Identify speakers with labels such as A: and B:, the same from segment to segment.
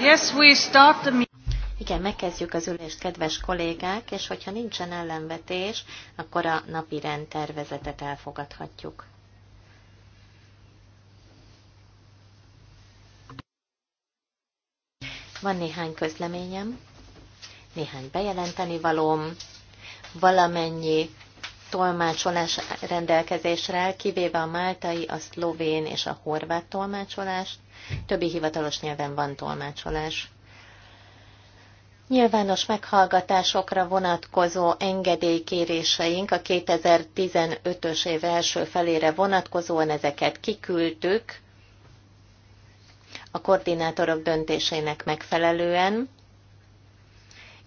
A: Yes, we start the...
B: Igen, megkezdjük az ülést, kedves kollégák, és hogyha nincsen ellenvetés, akkor a napi rendtervezetet elfogadhatjuk. Van néhány közleményem, néhány bejelenteni valóm, valamennyi tolmácsolás rendelkezésre áll, kivéve a máltai, a szlovén és a horvát tolmácsolást. Többi hivatalos nyelven van tolmácsolás. Nyilvános meghallgatásokra vonatkozó engedélykéréseink a 2015-ös év első felére vonatkozóan ezeket kiküldtük a koordinátorok döntésének megfelelően,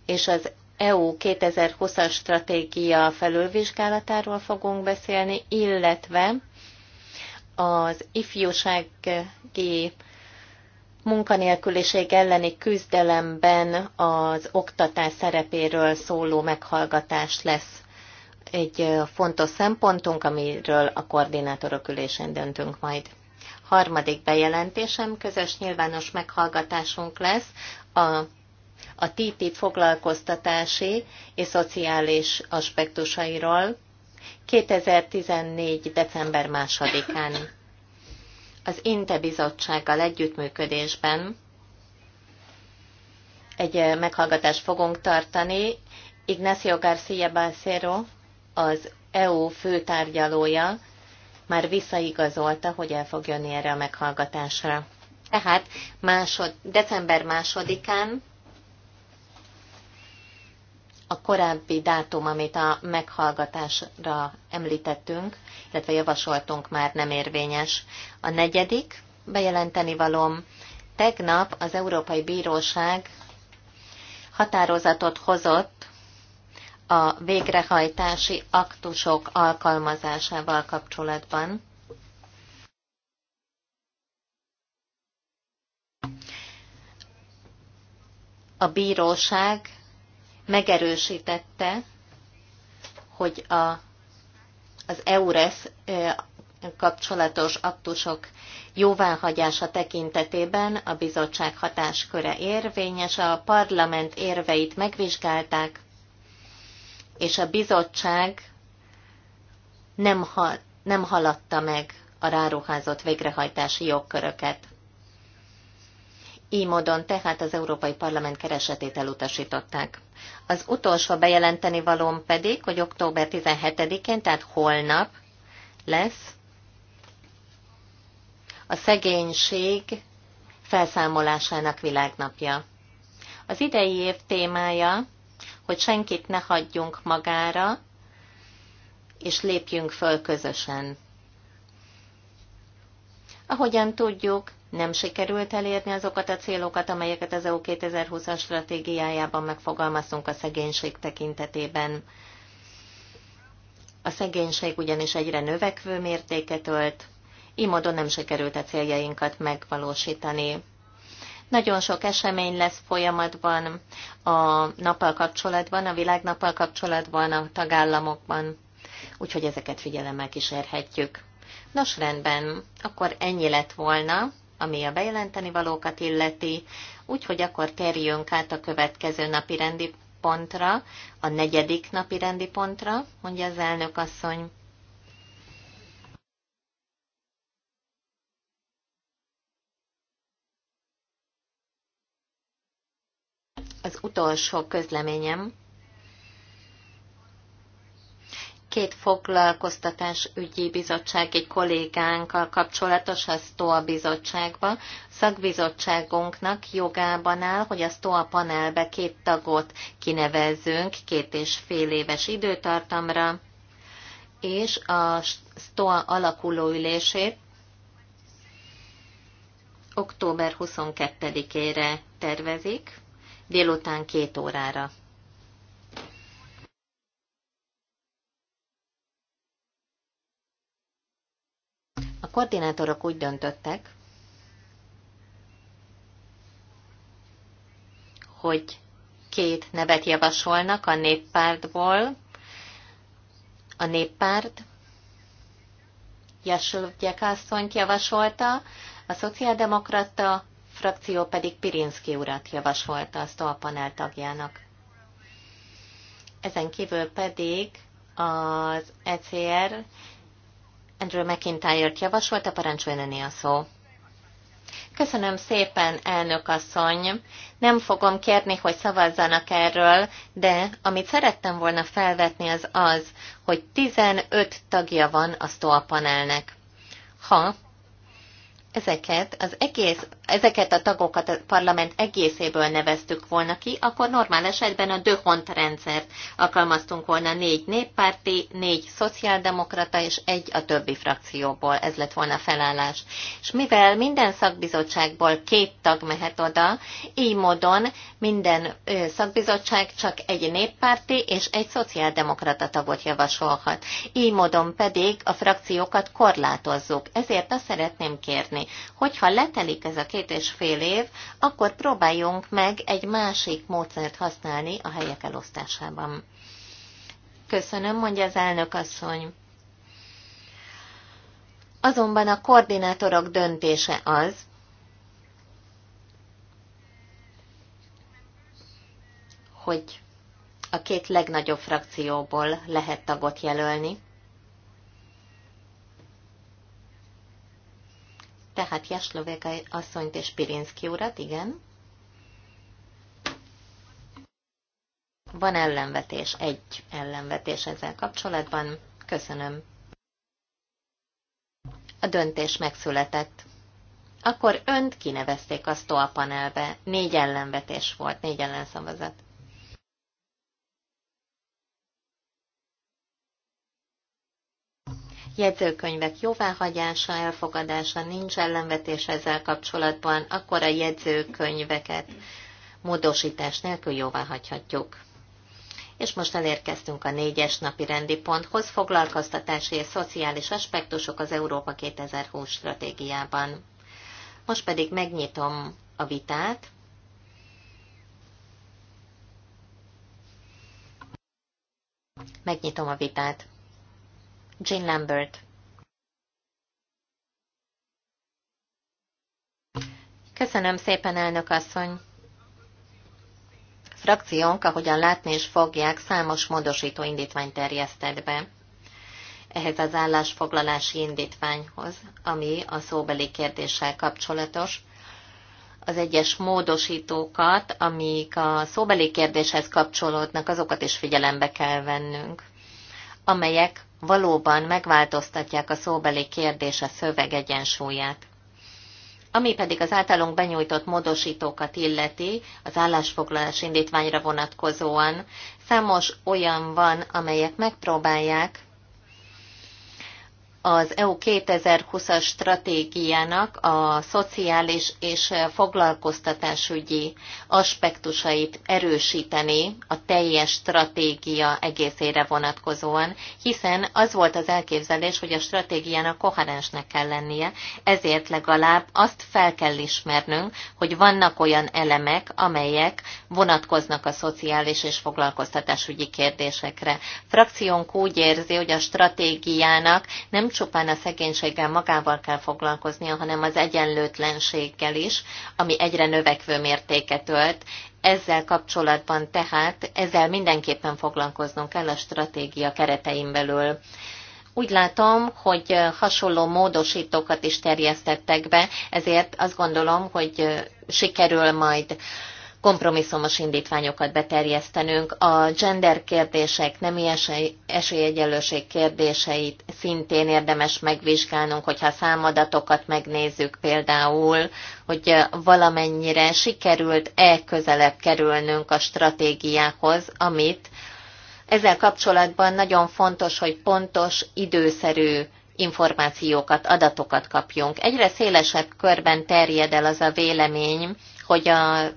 B: és az EU 2020-as stratégia felülvizsgálatáról fogunk beszélni, illetve az ifjúsági munkanélküliség elleni küzdelemben az oktatás szerepéről szóló meghallgatás lesz egy fontos szempontunk, amiről a koordinátorok ülésén döntünk majd. Harmadik bejelentésem, közös nyilvános meghallgatásunk lesz a a TTIP foglalkoztatási és szociális aspektusairól 2014. december 2-án. Az INTE bizottsággal együttműködésben egy meghallgatást fogunk tartani. Ignacio García Balcero, az EU főtárgyalója, már visszaigazolta, hogy el fog jönni erre a meghallgatásra. Tehát másod, december másodikán a korábbi dátum, amit a meghallgatásra említettünk, illetve javasoltunk már nem érvényes. A negyedik bejelenteni valom, tegnap az Európai Bíróság határozatot hozott a végrehajtási aktusok alkalmazásával kapcsolatban. A bíróság megerősítette, hogy a, az EURES kapcsolatos aktusok jóváhagyása tekintetében a bizottság hatásköre érvényes, a parlament érveit megvizsgálták, és a bizottság nem, ha, nem haladta meg a ráruházott végrehajtási jogköröket. Így módon tehát az Európai Parlament keresetét elutasították. Az utolsó bejelenteni valóm pedig, hogy október 17-én, tehát holnap lesz a szegénység felszámolásának világnapja. Az idei év témája, hogy senkit ne hagyjunk magára, és lépjünk föl közösen. Ahogyan tudjuk, nem sikerült elérni azokat a célokat, amelyeket az EU 2020-as stratégiájában megfogalmaztunk a szegénység tekintetében. A szegénység ugyanis egyre növekvő mértéket ölt, így módon nem sikerült a céljainkat megvalósítani. Nagyon sok esemény lesz folyamatban a nappal kapcsolatban, a világnappal kapcsolatban, a tagállamokban, úgyhogy ezeket figyelemmel kísérhetjük. Nos, rendben, akkor ennyi lett volna ami a bejelenteni valókat illeti, úgyhogy akkor térjünk át a következő napi rendi pontra, a negyedik napi rendi pontra, mondja az elnök asszony. Az utolsó közleményem két foglalkoztatás ügyi bizottsági kollégánkkal kapcsolatos a STOA bizottságba. Szakbizottságunknak jogában áll, hogy a STOA panelbe két tagot kinevezzünk két és fél éves időtartamra, és a STOA alakuló ülését október 22-ére tervezik, délután két órára. A koordinátorok úgy döntöttek, hogy két nevet javasolnak a néppártból. A néppárt Jasulvgyek asszonyt javasolta, a szociáldemokrata frakció pedig Pirinszki urat javasolta a Stolpanel tagjának. Ezen kívül pedig az ECR Andrew McIntyre-t javasolta, parancsoljon parancsolni a szó. Köszönöm szépen, elnök asszony. Nem fogom kérni, hogy szavazzanak erről, de amit szerettem volna felvetni az az, hogy 15 tagja van a STOA panelnek. Ha ezeket, az egész, ezeket a tagokat a parlament egészéből neveztük volna ki, akkor normál esetben a Döhont rendszert alkalmaztunk volna négy néppárti, négy szociáldemokrata és egy a többi frakcióból. Ez lett volna felállás. És mivel minden szakbizottságból két tag mehet oda, így módon minden szakbizottság csak egy néppárti és egy szociáldemokrata tagot javasolhat. Így módon pedig a frakciókat korlátozzuk. Ezért azt szeretném kérni, tenni. Hogyha letelik ez a két és fél év, akkor próbáljunk meg egy másik módszert használni a helyek elosztásában. Köszönöm, mondja az elnök asszony. Azonban a koordinátorok döntése az, hogy a két legnagyobb frakcióból lehet tagot jelölni, tehát Jaslovega asszonyt és Pirinszki urat, igen. Van ellenvetés, egy ellenvetés ezzel kapcsolatban. Köszönöm. A döntés megszületett. Akkor önt kinevezték a STOA panelbe. Négy ellenvetés volt, négy ellenszavazat. jegyzőkönyvek jóváhagyása, elfogadása, nincs ellenvetés ezzel kapcsolatban, akkor a jegyzőkönyveket módosítás nélkül jóváhagyhatjuk. És most elérkeztünk a négyes napi rendi ponthoz, foglalkoztatási és szociális aspektusok az Európa 2020 stratégiában. Most pedig megnyitom a vitát, Megnyitom a vitát. Jean Lambert. Köszönöm szépen, elnök asszony! Frakciónk, ahogyan látni is fogják, számos módosító indítványt terjesztett be ehhez az állásfoglalási indítványhoz, ami a szóbeli kérdéssel kapcsolatos. Az egyes módosítókat, amik a szóbeli kérdéshez kapcsolódnak, azokat is figyelembe kell vennünk amelyek valóban megváltoztatják a szóbeli kérdés a szöveg egyensúlyát. Ami pedig az általunk benyújtott módosítókat illeti, az állásfoglalás indítványra vonatkozóan, számos olyan van, amelyek megpróbálják az EU 2020-as stratégiának a szociális és foglalkoztatásügyi aspektusait erősíteni a teljes stratégia egészére vonatkozóan, hiszen az volt az elképzelés, hogy a stratégiának koherensnek kell lennie, ezért legalább azt fel kell ismernünk, hogy vannak olyan elemek, amelyek vonatkoznak a szociális és foglalkoztatásügyi kérdésekre. Frakciónk úgy érzi, hogy a stratégiának nem csupán a szegénységgel magával kell foglalkoznia, hanem az egyenlőtlenséggel is, ami egyre növekvő mértéket ölt. Ezzel kapcsolatban tehát, ezzel mindenképpen foglalkoznunk kell a stratégia keretein belül. Úgy látom, hogy hasonló módosítókat is terjesztettek be, ezért azt gondolom, hogy sikerül majd kompromisszumos indítványokat beterjesztenünk. A gender kérdések, nemi esélyegyenlőség kérdéseit szintén érdemes megvizsgálnunk, hogyha számadatokat megnézzük például, hogy valamennyire sikerült-e közelebb kerülnünk a stratégiához, amit ezzel kapcsolatban nagyon fontos, hogy pontos, időszerű információkat, adatokat kapjunk. Egyre szélesebb körben terjed el az a vélemény, hogy a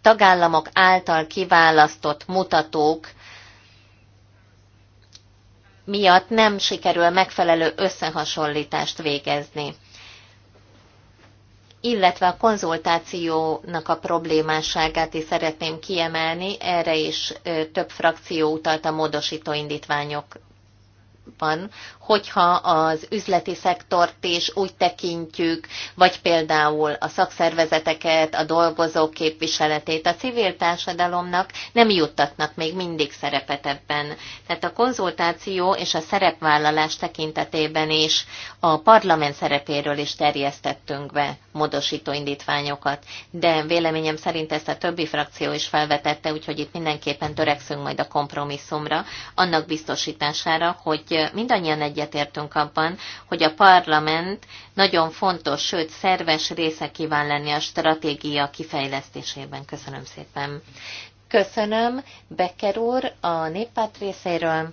B: tagállamok által kiválasztott mutatók miatt nem sikerül megfelelő összehasonlítást végezni. Illetve a konzultációnak a problémásságát is szeretném kiemelni, erre is több frakció utalt a módosító indítványok van, hogyha az üzleti szektort is úgy tekintjük, vagy például a szakszervezeteket, a dolgozók képviseletét, a civil társadalomnak nem juttatnak még mindig szerepet ebben. Tehát a konzultáció és a szerepvállalás tekintetében is a parlament szerepéről is terjesztettünk be módosító indítványokat, de véleményem szerint ezt a többi frakció is felvetette, úgyhogy itt mindenképpen törekszünk majd a kompromisszumra, annak biztosítására, hogy mindannyian egyetértünk abban, hogy a parlament nagyon fontos, sőt szerves része kíván lenni a stratégia kifejlesztésében. Köszönöm szépen. Köszönöm, Becker úr, a néppárt részéről.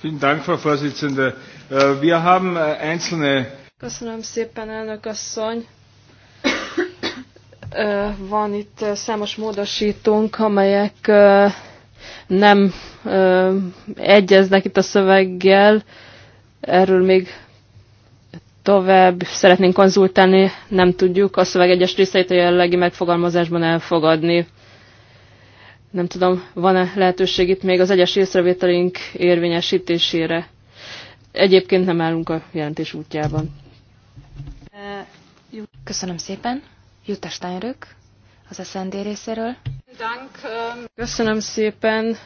A: Vielen Dank, Frau Vorsitzende. Äh, wir haben äh, einzelne
C: Köszönöm szépen, elnök asszony. Van itt számos módosítónk, amelyek nem egyeznek itt a szöveggel. Erről még tovább szeretnénk konzultálni, nem tudjuk a szöveg egyes részeit a jellegi megfogalmazásban elfogadni. Nem tudom, van-e lehetőség itt még az egyes észrevételünk érvényesítésére. Egyébként nem állunk a jelentés útjában. Köszönöm szépen. Jutta Steinrück, az SND részéről. Ähm, Köszönöm szépen.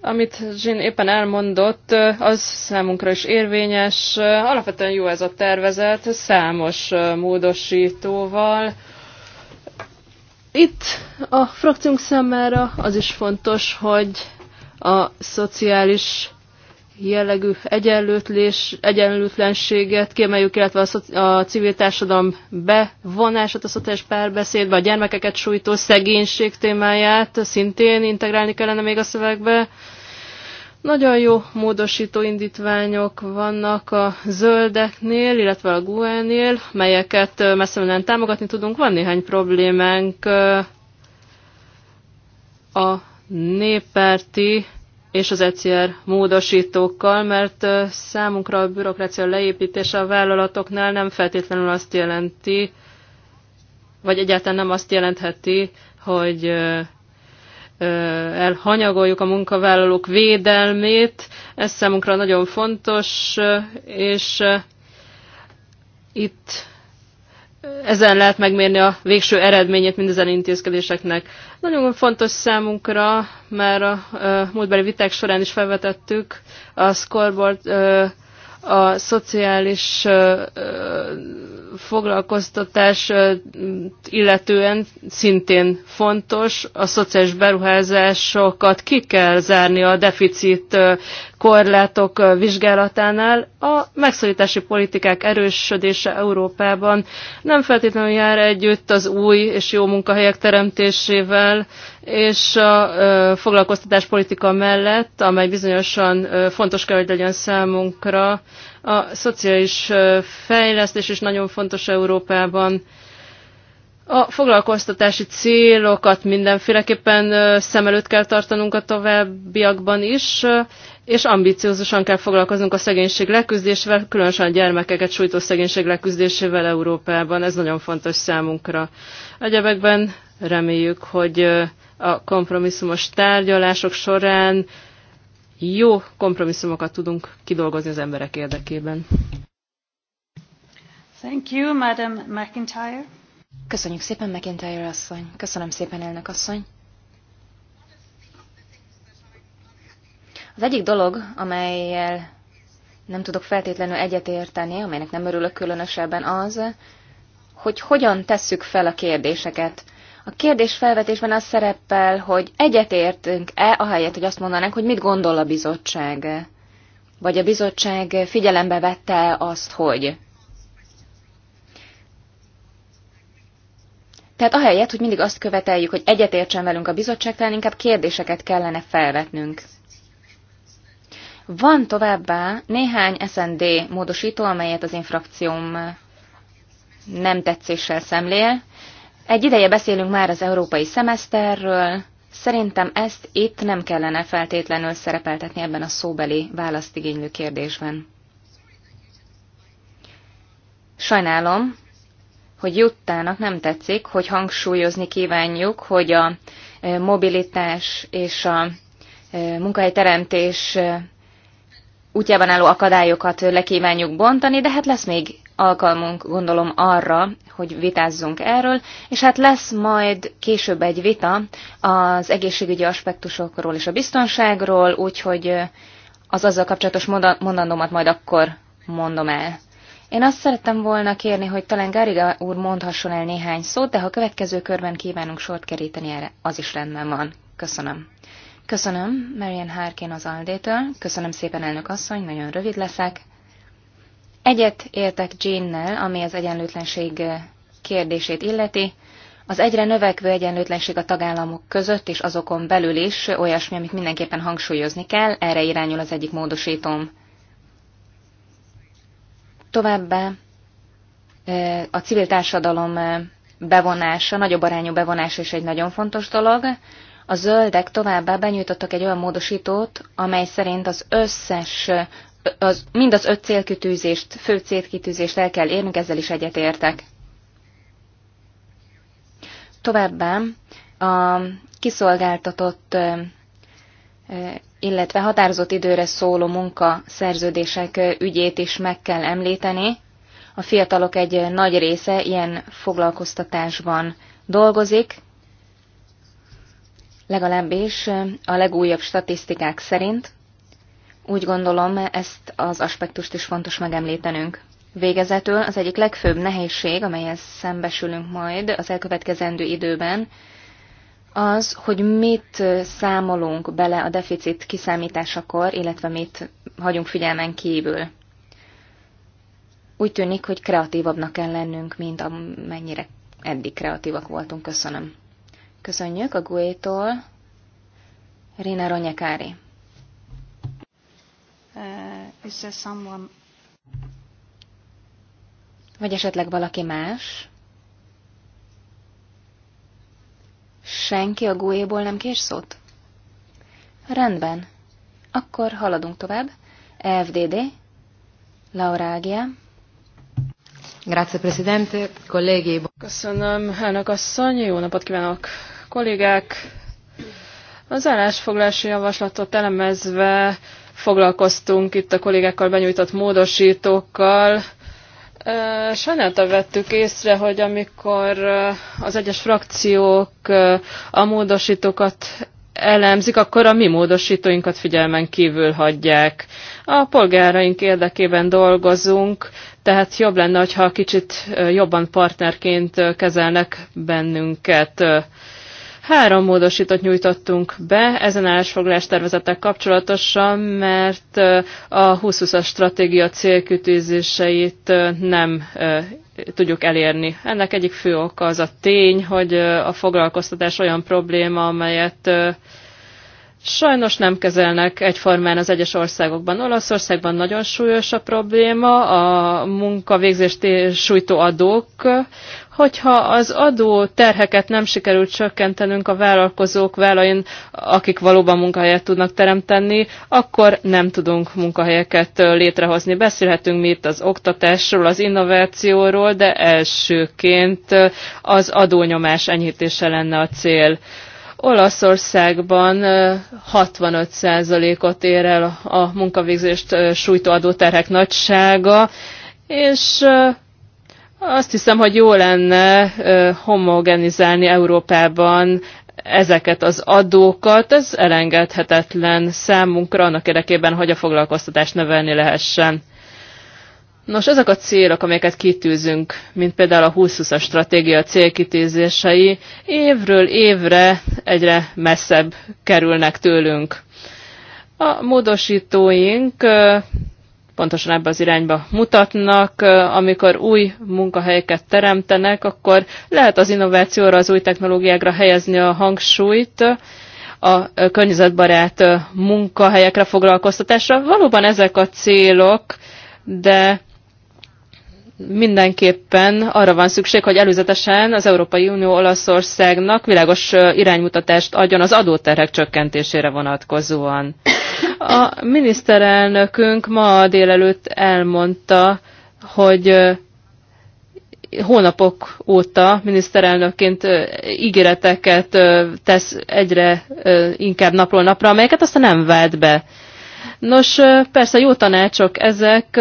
C: Amit Jean éppen elmondott, az számunkra is érvényes. Alapvetően jó ez a tervezet, számos módosítóval. Itt a frakciónk számára az is fontos, hogy a szociális jellegű egyenlőtlés, egyenlőtlenséget kiemeljük, illetve a, a civil társadalom bevonását a szociális párbeszédbe, a gyermekeket sújtó szegénység témáját szintén integrálni kellene még a szövegbe. Nagyon jó módosító indítványok vannak a zöldeknél, illetve a GUE-nél, melyeket messze támogatni tudunk. Van néhány problémánk a néppárti és az ECR módosítókkal, mert számunkra a bürokrácia leépítése a vállalatoknál nem feltétlenül azt jelenti, vagy egyáltalán nem azt jelentheti, hogy elhanyagoljuk a munkavállalók védelmét. Ez számunkra nagyon fontos, és itt ezen lehet megmérni a végső eredményét mindezen intézkedéseknek. Nagyon fontos számunkra, mert a, a múltbeli viták során is felvetettük a scoreboard a szociális foglalkoztatás illetően szintén fontos. A szociális beruházásokat ki kell zárni a deficit korlátok vizsgálatánál a megszorítási politikák erősödése Európában nem feltétlenül jár együtt az új és jó munkahelyek teremtésével, és a foglalkoztatás politika mellett, amely bizonyosan fontos kell, hogy legyen számunkra, a szociális fejlesztés is nagyon fontos Európában. A foglalkoztatási célokat mindenféleképpen szem előtt kell tartanunk a továbbiakban is, és ambiciózusan kell foglalkoznunk a szegénység leküzdésével, különösen a gyermekeket sújtó szegénység leküzdésével Európában. Ez nagyon fontos számunkra. Egyebekben reméljük, hogy a kompromisszumos tárgyalások során jó kompromisszumokat tudunk kidolgozni az emberek érdekében.
D: Thank you, Madam McIntyre. Köszönjük szépen, McIntyre asszony. Köszönöm szépen, elnök asszony. Az egyik dolog, amelyel nem tudok feltétlenül egyetérteni, amelynek nem örülök különösebben az, hogy hogyan tesszük fel a kérdéseket. A kérdés felvetésben az szerepel, hogy egyetértünk-e, ahelyett, hogy azt mondanánk, hogy mit gondol a bizottság. Vagy a bizottság figyelembe vette azt, hogy. Tehát ahelyett, hogy mindig azt követeljük, hogy egyetértsen velünk a bizottság, talán inkább kérdéseket kellene felvetnünk. Van továbbá néhány SND módosító, amelyet az infrakcióm nem tetszéssel szemlél. Egy ideje beszélünk már az európai szemeszterről, Szerintem ezt itt nem kellene feltétlenül szerepeltetni ebben a szóbeli választigénylő kérdésben. Sajnálom, hogy Juttának nem tetszik, hogy hangsúlyozni kívánjuk, hogy a e, mobilitás és a e, munkahelyteremtés e, útjában álló akadályokat kívánjuk bontani, de hát lesz még alkalmunk, gondolom, arra, hogy vitázzunk erről, és hát lesz majd később egy vita az egészségügyi aspektusokról és a biztonságról, úgyhogy az azzal kapcsolatos mondandómat majd akkor mondom el. Én azt szerettem volna kérni, hogy talán Gáriga úr mondhasson el néhány szót, de ha a következő körben kívánunk sort keríteni erre, az is rendben van. Köszönöm. Köszönöm Marian Harkin az Aldétől. Köszönöm szépen, elnök asszony, nagyon rövid leszek. Egyet értek Jean-nel, ami az egyenlőtlenség kérdését illeti. Az egyre növekvő egyenlőtlenség a tagállamok között és azokon belül is olyasmi, amit mindenképpen hangsúlyozni kell, erre irányul az egyik módosítóm. Továbbá a civil társadalom bevonása, nagyobb arányú bevonása is egy nagyon fontos dolog. A zöldek továbbá benyújtottak egy olyan módosítót, amely szerint az összes, az, mind az öt célkitűzést, fő célkitűzést el kell érnünk, ezzel is egyetértek. Továbbá a kiszolgáltatott, illetve határozott időre szóló munka szerződések ügyét is meg kell említeni. A fiatalok egy nagy része ilyen foglalkoztatásban dolgozik, legalábbis a legújabb statisztikák szerint. Úgy gondolom, ezt az aspektust is fontos megemlítenünk. Végezetül az egyik legfőbb nehézség, amelyhez szembesülünk majd az elkövetkezendő időben, az, hogy mit számolunk bele a deficit kiszámításakor, illetve mit hagyunk figyelmen kívül. Úgy tűnik, hogy kreatívabbnak kell lennünk, mint amennyire eddig kreatívak voltunk. Köszönöm. Köszönjük a Guétól. tól Rina Ronyekári. Uh, is there someone... Vagy esetleg valaki más? Senki a Guéból nem kér szót? Rendben. Akkor haladunk tovább. FDD. Laura Agia. Grazie, Presidente. Colleghi. Köszönöm, elnök asszony. Jó napot kívánok,
C: kollégák! Az állásfoglási javaslatot elemezve foglalkoztunk itt a kollégákkal benyújtott módosítókkal. Sajnálta vettük észre, hogy amikor az egyes frakciók a módosítókat elemzik, akkor a mi módosítóinkat figyelmen kívül hagyják. A polgáraink érdekében dolgozunk, tehát jobb lenne, ha kicsit jobban partnerként kezelnek bennünket. Három módosítót nyújtottunk be ezen állásfoglalás tervezetek kapcsolatosan, mert a 2020-as stratégia célkütőzéseit nem tudjuk elérni. Ennek egyik fő oka az a tény, hogy a foglalkoztatás olyan probléma, amelyet sajnos nem kezelnek egyformán az egyes országokban. Olaszországban nagyon súlyos a probléma, a munkavégzést eh, sújtó adók, hogyha az adó terheket nem sikerült csökkentenünk a vállalkozók vállain, akik valóban munkahelyet tudnak teremteni, akkor nem tudunk munkahelyeket létrehozni. Beszélhetünk mi itt az oktatásról, az innovációról, de elsőként az adónyomás enyhítése lenne a cél. Olaszországban 65%-ot ér el a munkavégzést sújtó adóterhek nagysága, és azt hiszem, hogy jó lenne homogenizálni Európában ezeket az adókat, ez elengedhetetlen számunkra annak érdekében, hogy a foglalkoztatást növelni lehessen. Nos, ezek a célok, amelyeket kitűzünk, mint például a 2020-as stratégia célkitűzései, évről évre egyre messzebb kerülnek tőlünk. A módosítóink pontosan ebbe az irányba mutatnak. Amikor új munkahelyeket teremtenek, akkor lehet az innovációra, az új technológiákra helyezni a hangsúlyt, a környezetbarát munkahelyekre, foglalkoztatásra. Valóban ezek a célok, de mindenképpen arra van szükség, hogy előzetesen az Európai Unió Olaszországnak világos iránymutatást adjon az adóterhek csökkentésére vonatkozóan. A miniszterelnökünk ma délelőtt elmondta, hogy hónapok óta miniszterelnökként ígéreteket tesz egyre inkább napról napra, amelyeket aztán nem vált be. Nos, persze jó tanácsok ezek,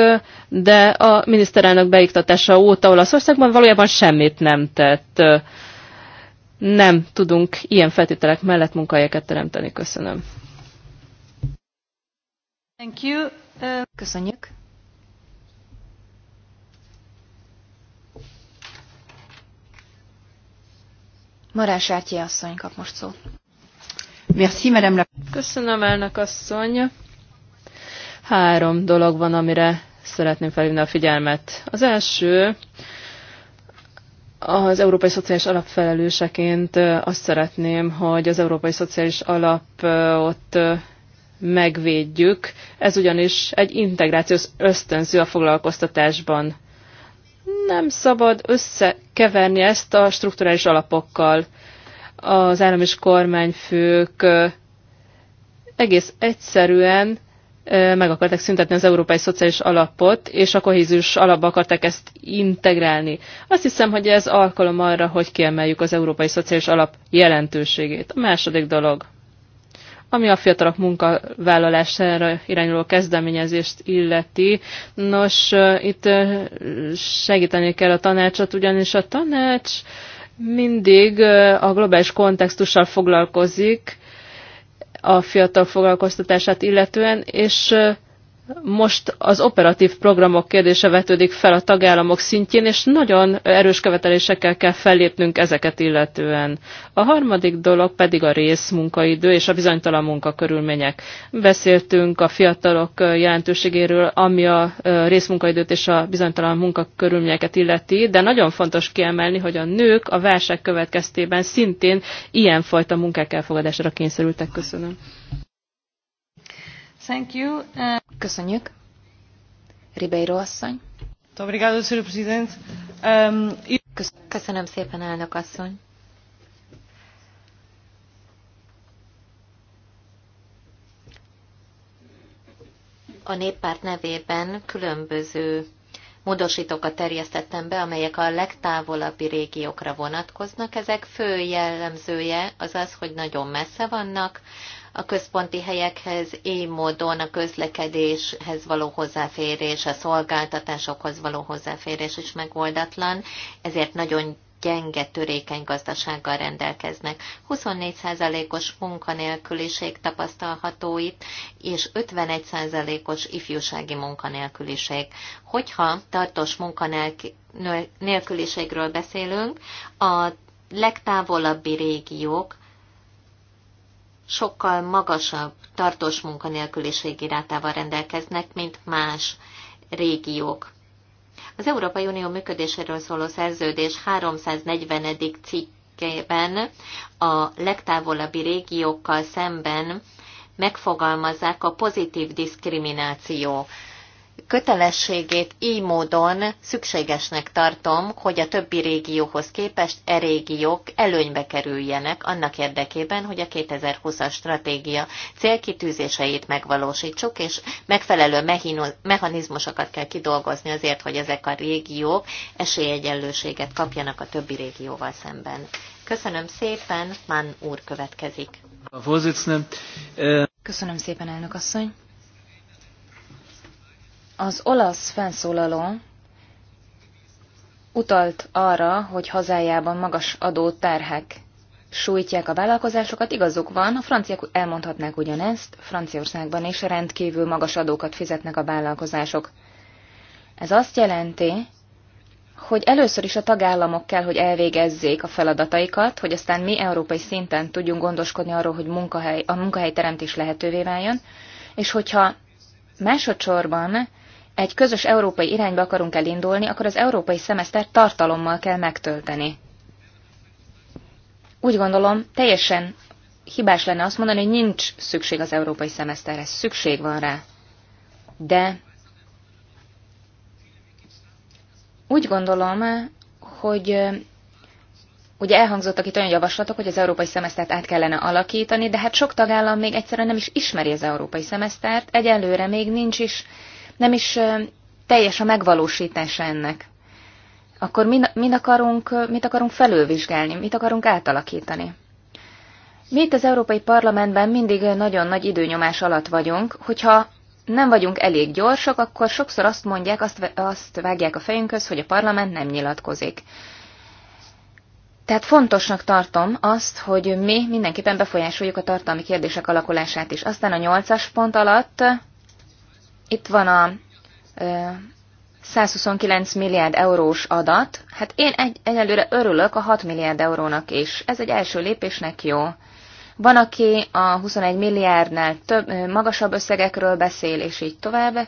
C: de a miniszterelnök beiktatása óta Olaszországban valójában semmit nem tett. Nem tudunk ilyen feltételek mellett munkahelyeket teremteni. Köszönöm.
D: Thank you. Uh, Köszönjük. Marás Ártyi asszony kap most szót. Merci, madame le?
C: Köszönöm, elnök asszony. Három dolog van, amire szeretném felhívni a figyelmet. Az első, az Európai Szociális Alapfelelőseként azt szeretném, hogy az Európai Szociális Alapot megvédjük. Ez ugyanis egy integrációs ösztönző a foglalkoztatásban. Nem szabad összekeverni ezt a strukturális alapokkal. Az állam és kormányfők egész egyszerűen meg akarták szüntetni az Európai Szociális Alapot, és a kohéziós alapba akarták ezt integrálni. Azt hiszem, hogy ez alkalom arra, hogy kiemeljük az Európai Szociális Alap jelentőségét. A második dolog ami a fiatalok munkavállalására irányuló kezdeményezést illeti. Nos, itt segíteni kell a tanácsot, ugyanis a tanács mindig a globális kontextussal foglalkozik, a fiatal foglalkoztatását illetően, és most az operatív programok kérdése vetődik fel a tagállamok szintjén, és nagyon erős követelésekkel kell fellépnünk ezeket illetően. A harmadik dolog pedig a részmunkaidő és a bizonytalan munkakörülmények. Beszéltünk a fiatalok jelentőségéről, ami a részmunkaidőt és a bizonytalan munkakörülményeket illeti, de nagyon fontos kiemelni, hogy a nők a válság következtében szintén ilyenfajta munkák elfogadására kényszerültek. Köszönöm.
D: Thank you. Uh, Köszönjük. Ribeiro asszony. Obrigado, Sr. Presidente.
B: Um, e- Köszönöm szépen, elnök asszony. A néppárt nevében különböző módosítókat terjesztettem be, amelyek a legtávolabbi régiókra vonatkoznak. Ezek fő jellemzője az az, hogy nagyon messze vannak a központi helyekhez, így módon a közlekedéshez való hozzáférés, a szolgáltatásokhoz való hozzáférés is megoldatlan, ezért nagyon gyenge, törékeny gazdasággal rendelkeznek. 24%-os munkanélküliség tapasztalható itt, és 51%-os ifjúsági munkanélküliség. Hogyha tartós munkanélküliségről beszélünk, a legtávolabbi régiók sokkal magasabb tartós munkanélküliségi rátával rendelkeznek, mint más régiók. Az Európai Unió működéséről szóló szerződés 340. cikkében a legtávolabbi régiókkal szemben megfogalmazzák a pozitív diszkrimináció kötelességét így módon szükségesnek tartom, hogy a többi régióhoz képest e régiók előnybe kerüljenek annak érdekében, hogy a 2020-as stratégia célkitűzéseit megvalósítsuk, és megfelelő mechanizmusokat kell kidolgozni azért, hogy ezek a régiók esélyegyenlőséget kapjanak a többi régióval szemben. Köszönöm szépen, Mann úr
D: következik. Äh, Köszönöm szépen, elnök asszony. Az olasz felszólaló utalt arra, hogy hazájában magas adó terhek sújtják a vállalkozásokat, igazuk van, a franciák elmondhatnák ugyanezt, Franciaországban is rendkívül magas adókat fizetnek a vállalkozások. Ez azt jelenti, hogy először is a tagállamok kell, hogy elvégezzék a feladataikat, hogy aztán mi európai szinten tudjunk gondoskodni arról, hogy munkahely, a munkahelyteremtés lehetővé váljon, és hogyha másodszorban egy közös európai irányba akarunk elindulni, akkor az európai szemesztert tartalommal kell megtölteni. Úgy gondolom, teljesen hibás lenne azt mondani, hogy nincs szükség az európai szemeszterre, szükség van rá. De úgy gondolom, hogy ugye elhangzottak itt olyan javaslatok, hogy az európai szemesztert át kellene alakítani, de hát sok tagállam még egyszerűen nem is ismeri az európai szemesztert, egyelőre még nincs is nem is teljes a megvalósítása ennek. Akkor min, min akarunk, mit akarunk felülvizsgálni, mit akarunk átalakítani? Mi itt az Európai Parlamentben mindig nagyon nagy időnyomás alatt vagyunk, hogyha nem vagyunk elég gyorsak, akkor sokszor azt mondják, azt, azt vágják a fejünkhöz, hogy a parlament nem nyilatkozik. Tehát fontosnak tartom azt, hogy mi mindenképpen befolyásoljuk a tartalmi kérdések alakulását is. Aztán a nyolcas pont alatt itt van a 129 milliárd eurós adat. Hát én egy, egyelőre örülök a 6 milliárd eurónak is. Ez egy első lépésnek jó. Van, aki a 21 milliárdnál több, magasabb összegekről beszél, és így tovább.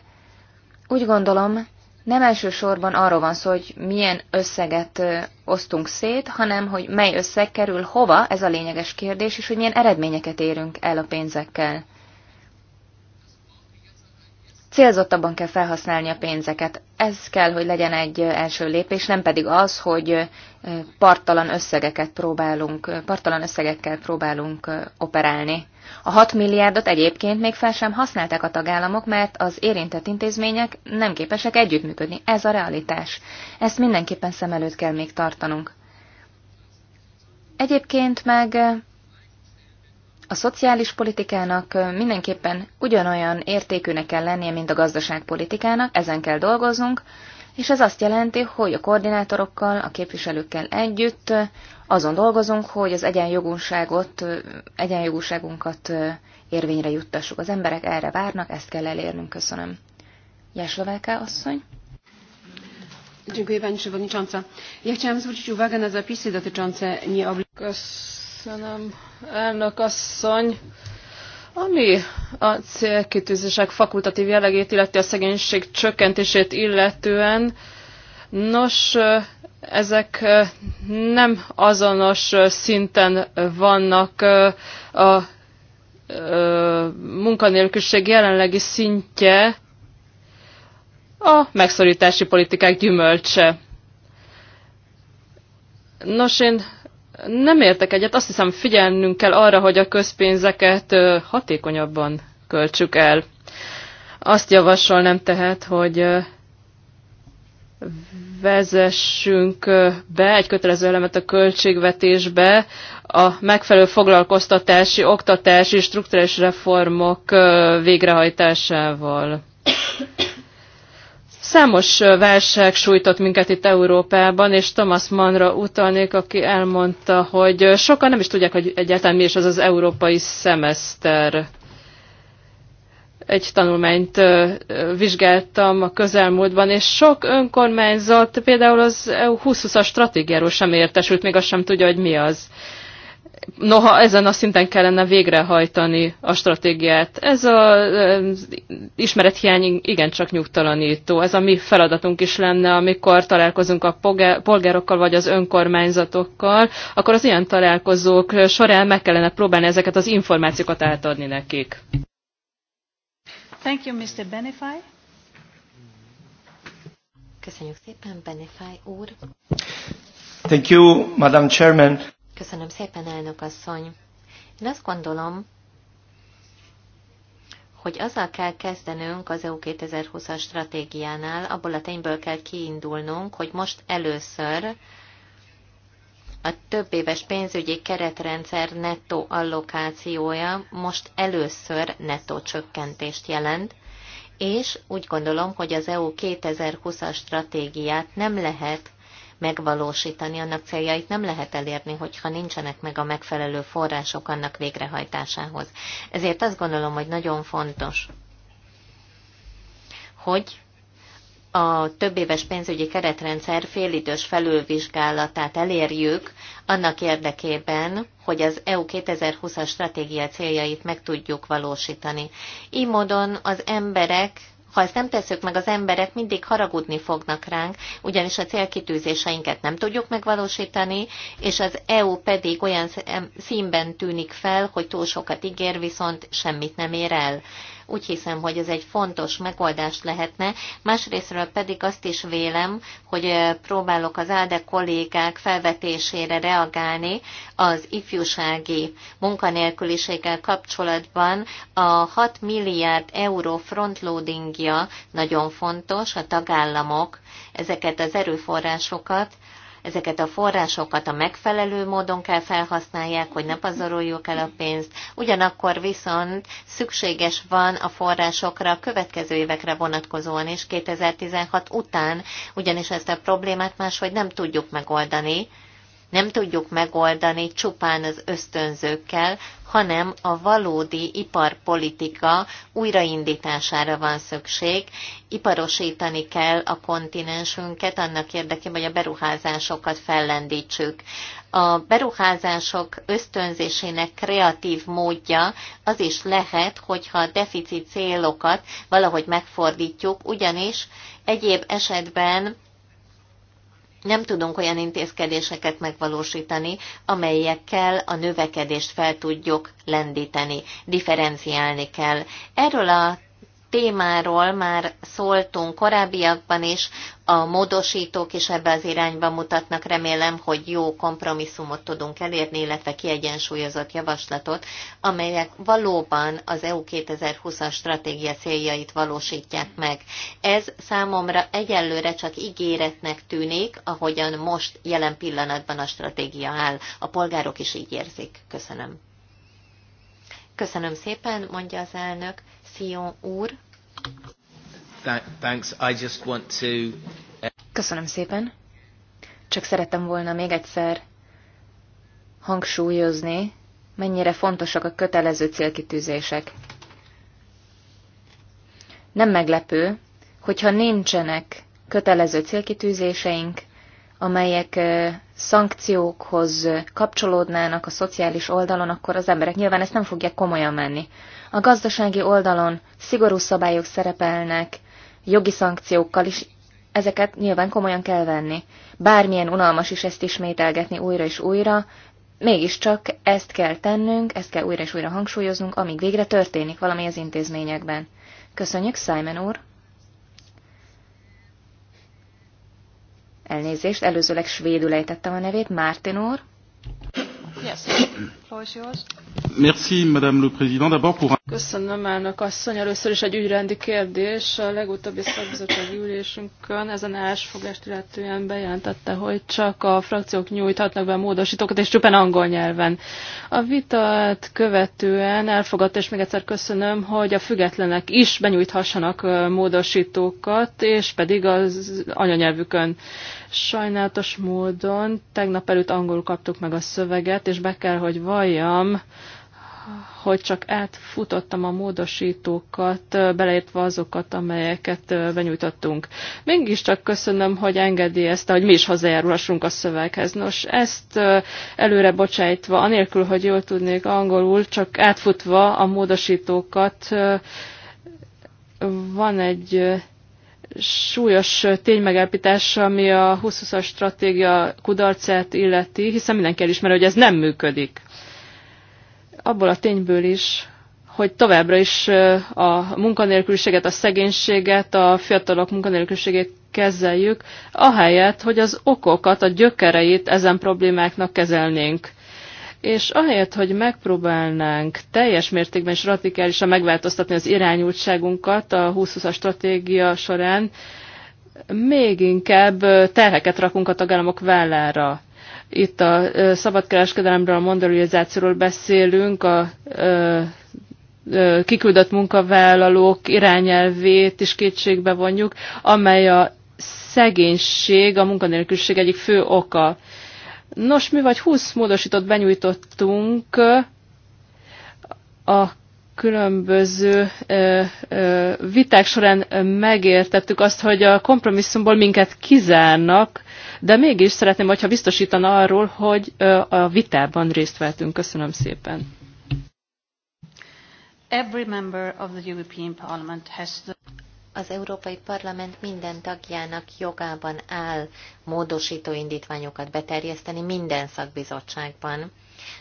D: Úgy gondolom, nem elsősorban arról van szó, hogy milyen összeget osztunk szét, hanem hogy mely összeg kerül hova, ez a lényeges kérdés, és hogy milyen eredményeket érünk el a pénzekkel célzottabban kell felhasználni a pénzeket. Ez kell, hogy legyen egy első lépés, nem pedig az, hogy partalan összegeket próbálunk, partalan összegekkel próbálunk operálni. A 6 milliárdot egyébként még fel sem használták a tagállamok, mert az érintett intézmények nem képesek együttműködni. Ez a realitás. Ezt mindenképpen szem előtt kell még tartanunk. Egyébként meg a szociális politikának mindenképpen ugyanolyan értékűnek kell lennie, mint a gazdaságpolitikának, ezen kell dolgoznunk, és ez azt jelenti, hogy a koordinátorokkal, a képviselőkkel együtt azon dolgozunk, hogy az egyenjogúságot, egyenjogúságunkat érvényre juttassuk. Az emberek erre várnak, ezt kell elérnünk. Köszönöm. Jászlováká asszony. Dziękuję Pani Przewodnicząca.
C: Ja chciałam zwrócić uwagę na zapisy dotyczące nieobligatoryjnych. Köszönöm, elnök asszony. Ami a célkitűzések fakultatív jellegét, illeti a szegénység csökkentését illetően, nos, ezek nem azonos szinten vannak a munkanélküliség jelenlegi szintje a megszorítási politikák gyümölcse. Nos, én nem értek egyet, azt hiszem figyelnünk kell arra, hogy a közpénzeket hatékonyabban költsük el. Azt javasolnám tehát, hogy vezessünk be egy kötelező elemet a költségvetésbe, a megfelelő foglalkoztatási, oktatási, struktúrális reformok végrehajtásával. Számos válság sújtott minket itt Európában, és Thomas Mannra utalnék, aki elmondta, hogy sokan nem is tudják, hogy egyáltalán mi is az az európai szemeszter. Egy tanulmányt vizsgáltam a közelmúltban, és sok önkormányzat például az EU 20 as stratégiáról sem értesült, még azt sem tudja, hogy mi az. Noha ezen a szinten kellene végrehajtani a stratégiát. Ez az ismerethiány igencsak nyugtalanító. Ez a mi feladatunk is lenne, amikor találkozunk a polgárokkal vagy az önkormányzatokkal, akkor az ilyen találkozók során meg kellene próbálni ezeket az információkat átadni nekik.
A: Thank you, Mr. Benefy. Köszönjük szépen, Benefy úr. Thank you, Madam Chairman.
B: Köszönöm szépen, elnök asszony. Én azt gondolom, hogy azzal kell kezdenünk az EU 2020-as stratégiánál, abból a tényből kell kiindulnunk, hogy most először a több éves pénzügyi keretrendszer nettó allokációja most először nettó csökkentést jelent, és úgy gondolom, hogy az EU 2020-as stratégiát nem lehet megvalósítani, annak céljait nem lehet elérni, hogyha nincsenek meg a megfelelő források annak végrehajtásához. Ezért azt gondolom, hogy nagyon fontos, hogy a több éves pénzügyi keretrendszer félidős felülvizsgálatát elérjük annak érdekében, hogy az EU 2020-as stratégia céljait meg tudjuk valósítani. Így módon az emberek ha ezt nem tesszük meg, az emberek mindig haragudni fognak ránk, ugyanis a célkitűzéseinket nem tudjuk megvalósítani, és az EU pedig olyan színben tűnik fel, hogy túl sokat ígér, viszont semmit nem ér el. Úgy hiszem, hogy ez egy fontos megoldást lehetne. Másrésztről pedig azt is vélem, hogy próbálok az ALDE kollégák felvetésére reagálni az ifjúsági munkanélküliséggel kapcsolatban. A 6 milliárd euró frontloadingja nagyon fontos, a tagállamok ezeket az erőforrásokat ezeket a forrásokat a megfelelő módon kell felhasználják, hogy ne pazaroljuk el a pénzt, ugyanakkor viszont szükséges van a forrásokra a következő évekre vonatkozóan is, 2016 után, ugyanis ezt a problémát máshogy nem tudjuk megoldani, nem tudjuk megoldani csupán az ösztönzőkkel, hanem a valódi iparpolitika újraindítására van szükség. Iparosítani kell a kontinensünket annak érdekében, hogy a beruházásokat fellendítsük. A beruházások ösztönzésének kreatív módja az is lehet, hogyha a deficit célokat valahogy megfordítjuk, ugyanis egyéb esetben nem tudunk olyan intézkedéseket megvalósítani, amelyekkel a növekedést fel tudjuk lendíteni, differenciálni kell. Erről a témáról már szóltunk korábbiakban is, a módosítók is ebbe az irányba mutatnak. Remélem, hogy jó kompromisszumot tudunk elérni, illetve kiegyensúlyozott javaslatot, amelyek valóban az EU 2020-as stratégia céljait valósítják meg. Ez számomra egyelőre csak ígéretnek tűnik, ahogyan most jelen pillanatban a stratégia áll. A polgárok is így érzik. Köszönöm. Köszönöm szépen, mondja az elnök. Szion úr.
A: Uh,
D: Köszönöm szépen. Csak szerettem volna még egyszer hangsúlyozni, mennyire fontosak a kötelező célkitűzések. Nem meglepő, hogyha nincsenek kötelező célkitűzéseink, amelyek szankciókhoz kapcsolódnának a szociális oldalon, akkor az emberek nyilván ezt nem fogják komolyan menni. A gazdasági oldalon szigorú szabályok szerepelnek, jogi szankciókkal is, ezeket nyilván komolyan kell venni. Bármilyen unalmas is ezt ismételgetni újra és újra, mégiscsak ezt kell tennünk, ezt kell újra és újra hangsúlyoznunk, amíg végre történik valami az intézményekben. Köszönjük, Simon úr! Elnézést, előzőleg svédül ejtettem a nevét. Mártin úr.
A: Yes, floor is yours.
C: Köszönöm, elnök asszony. Először is egy ügyrendi kérdés. A legutóbbi szakbizottsági ülésünkön ezen állásfogást illetően bejelentette, hogy csak a frakciók nyújthatnak be módosítókat, és csupán angol nyelven. A vitát követően elfogadta, és még egyszer köszönöm, hogy a függetlenek is benyújthassanak módosítókat, és pedig az anyanyelvükön. Sajnálatos módon tegnap előtt angolul kaptuk meg a szöveget, és be kell, hogy valljam, hogy csak átfutottam a módosítókat, beleértve azokat, amelyeket benyújtottunk. Mégiscsak köszönöm, hogy engedélyezte, hogy mi is hozzájárulhassunk a szöveghez. Nos, ezt előre bocsájtva, anélkül, hogy jól tudnék angolul, csak átfutva a módosítókat, van egy súlyos ténymegállapítás, ami a 2020-as stratégia kudarcát illeti, hiszen mindenki elismeri, hogy ez nem működik abból a tényből is, hogy továbbra is a munkanélküliséget, a szegénységet, a fiatalok munkanélküliségét kezeljük, ahelyett, hogy az okokat, a gyökereit ezen problémáknak kezelnénk. És ahelyett, hogy megpróbálnánk teljes mértékben és radikálisan megváltoztatni az irányultságunkat a 2020-as stratégia során, még inkább terheket rakunk a tagállamok vállára. Itt a szabadkereskedelemről, a mondalizációról beszélünk, a kiküldött munkavállalók irányelvét is kétségbe vonjuk, amely a szegénység, a munkanélküliség egyik fő oka. Nos, mi vagy 20 módosított benyújtottunk a különböző viták során megértettük azt, hogy a kompromisszumból minket kizárnak, de mégis szeretném, hogyha biztosítana arról, hogy a vitában részt vettünk. Köszönöm szépen. Every member of the European Parliament has the
B: az Európai Parlament minden tagjának jogában áll módosító indítványokat beterjeszteni minden szakbizottságban.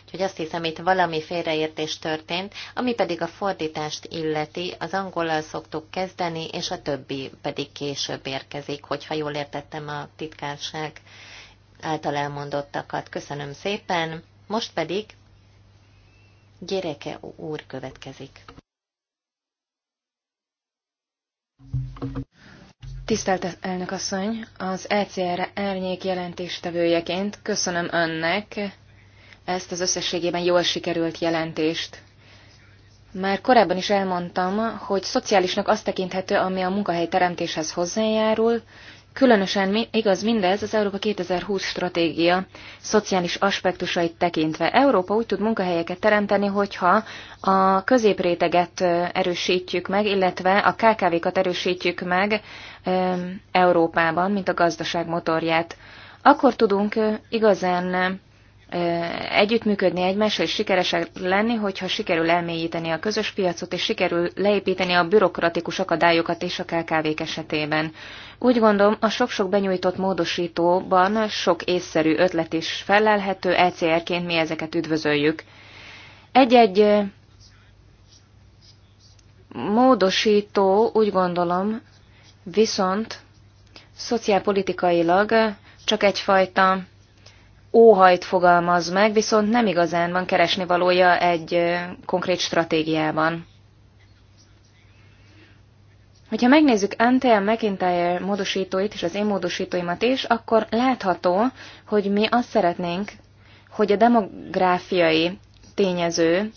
B: Úgyhogy azt hiszem, itt valami félreértés történt, ami pedig a fordítást illeti, az angolal szoktuk kezdeni, és a többi pedig később érkezik, hogyha jól értettem a titkárság által elmondottakat. Köszönöm szépen, most pedig Gyereke úr következik.
D: Tisztelt elnök asszony, az ECR árnyék jelentéstevőjeként köszönöm önnek, ezt az összességében jól sikerült jelentést. Már korábban is elmondtam, hogy szociálisnak azt tekinthető, ami a munkahely teremtéshez hozzájárul, Különösen igaz mindez az Európa 2020 stratégia szociális aspektusait tekintve. Európa úgy tud munkahelyeket teremteni, hogyha a középréteget erősítjük meg, illetve a KKV-kat erősítjük meg Európában, mint a gazdaság motorját. Akkor tudunk igazán együttműködni egymással, és sikeresek lenni, hogyha sikerül elmélyíteni a közös piacot, és sikerül leépíteni a bürokratikus akadályokat és a kkv esetében. Úgy gondolom, a sok-sok benyújtott módosítóban sok észszerű ötlet is felelhető, ECR-ként mi ezeket üdvözöljük. Egy-egy módosító, úgy gondolom, viszont szociálpolitikailag csak egyfajta óhajt fogalmaz meg, viszont nem igazán van keresni valója egy konkrét stratégiában. Hogyha megnézzük Antel McIntyre módosítóit és az én módosítóimat is, akkor látható, hogy mi azt szeretnénk, hogy a demográfiai tényező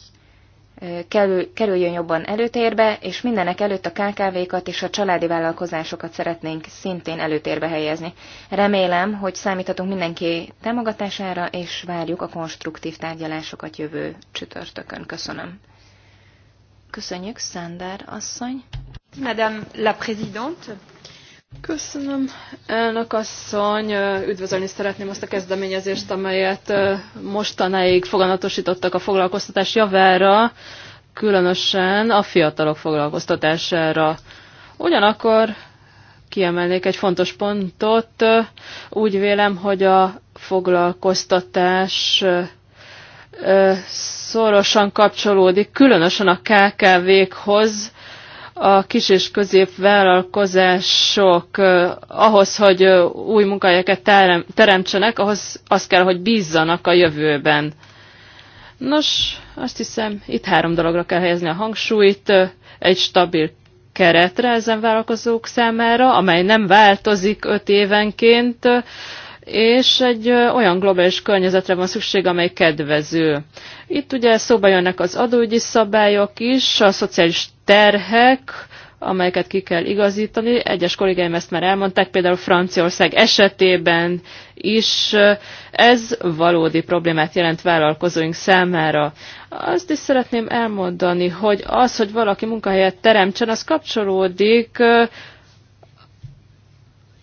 D: kerüljön jobban előtérbe, és mindenek előtt a KKV-kat és a családi vállalkozásokat szeretnénk szintén előtérbe helyezni. Remélem, hogy számíthatunk mindenki támogatására, és várjuk a konstruktív tárgyalásokat jövő csütörtökön. Köszönöm. Köszönjük, Szándár asszony.
C: Madame la Présidente. Köszönöm, elnök asszony. Üdvözölni szeretném azt a kezdeményezést, amelyet mostanáig foganatosítottak a foglalkoztatás javára, különösen a fiatalok foglalkoztatására. Ugyanakkor kiemelnék egy fontos pontot. Úgy vélem, hogy a foglalkoztatás szorosan kapcsolódik, különösen a KKV-khoz, a kis és középvállalkozások ahhoz, hogy új munkahelyeket teremtsenek, ahhoz az kell, hogy bízzanak a jövőben. Nos, azt hiszem, itt három dologra kell helyezni a hangsúlyt. Egy stabil keretre ezen vállalkozók számára, amely nem változik öt évenként, és egy olyan globális környezetre van szükség, amely kedvező. Itt ugye szóba jönnek az adóügyi szabályok is, a szociális terhek, amelyeket ki kell igazítani. Egyes kollégáim ezt már elmondták, például Franciaország esetében is ez valódi problémát jelent vállalkozóink számára. Azt is szeretném elmondani, hogy az, hogy valaki munkahelyet teremtsen, az kapcsolódik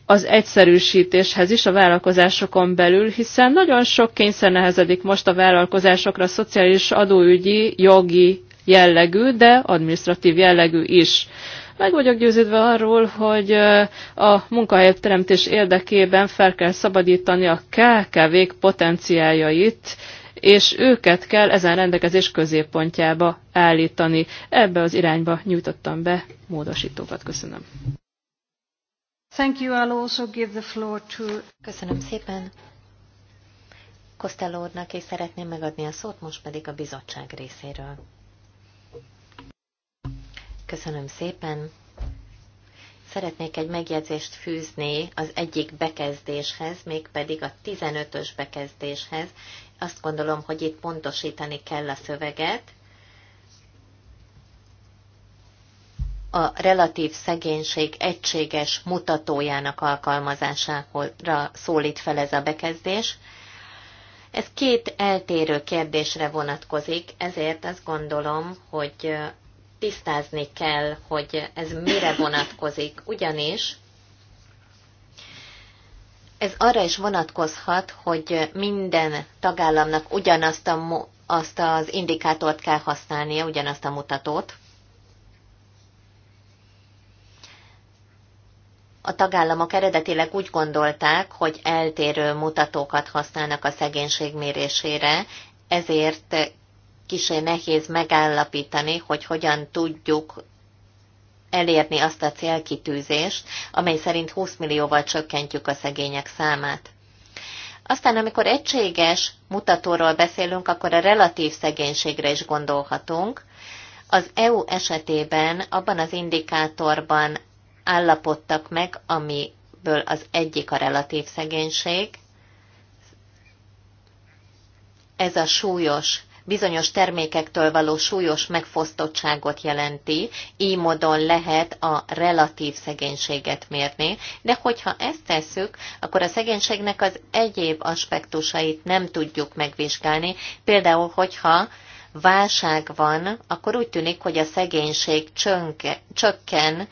C: az egyszerűsítéshez is a vállalkozásokon belül, hiszen nagyon sok kényszer nehezedik most a vállalkozásokra a szociális adóügyi, jogi jellegű, de administratív jellegű is. Meg vagyok győződve arról, hogy a munkahelyteremtés érdekében fel kell szabadítani a KKV-k potenciáljait, és őket kell ezen rendelkezés középpontjába állítani. Ebbe az irányba nyújtottam be módosítókat. Köszönöm.
B: Thank you. I'll also give the floor to... Köszönöm szépen. Costello úrnak és szeretném megadni a szót, most pedig a bizottság részéről. Köszönöm szépen. Szeretnék egy megjegyzést fűzni az egyik bekezdéshez, mégpedig a 15-ös bekezdéshez. Azt gondolom, hogy itt pontosítani kell a szöveget, a relatív szegénység egységes mutatójának alkalmazására szólít fel ez a bekezdés. Ez két eltérő kérdésre vonatkozik, ezért azt gondolom, hogy tisztázni kell, hogy ez mire vonatkozik, ugyanis ez arra is vonatkozhat, hogy minden tagállamnak ugyanazt a, azt az indikátort kell használnia, ugyanazt a mutatót, a tagállamok eredetileg úgy gondolták, hogy eltérő mutatókat használnak a szegénység mérésére, ezért kisé nehéz megállapítani, hogy hogyan tudjuk elérni azt a célkitűzést, amely szerint 20 millióval csökkentjük a szegények számát. Aztán, amikor egységes mutatóról beszélünk, akkor a relatív szegénységre is gondolhatunk. Az EU esetében abban az indikátorban állapodtak meg, amiből az egyik a relatív szegénység. Ez a súlyos bizonyos termékektől való súlyos megfosztottságot jelenti, így módon lehet a relatív szegénységet mérni, de hogyha ezt tesszük, akkor a szegénységnek az egyéb aspektusait nem tudjuk megvizsgálni, például hogyha válság van, akkor úgy tűnik, hogy a szegénység csönke, csökken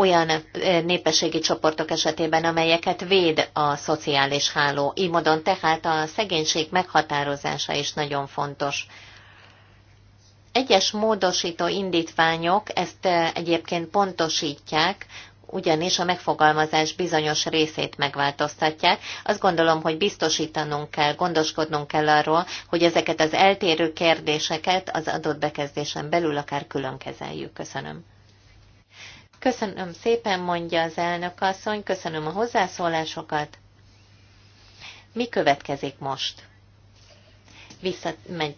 B: olyan eh, népességi csoportok esetében, amelyeket véd a szociális háló. Így módon tehát a szegénység meghatározása is nagyon fontos. Egyes módosító indítványok ezt eh, egyébként pontosítják, ugyanis a megfogalmazás bizonyos részét megváltoztatják. Azt gondolom, hogy biztosítanunk kell, gondoskodnunk kell arról, hogy ezeket az eltérő kérdéseket az adott bekezdésen belül akár külön kezeljük. Köszönöm. Köszönöm szépen, mondja az elnök asszony, köszönöm a hozzászólásokat. Mi következik most? Visszamegy,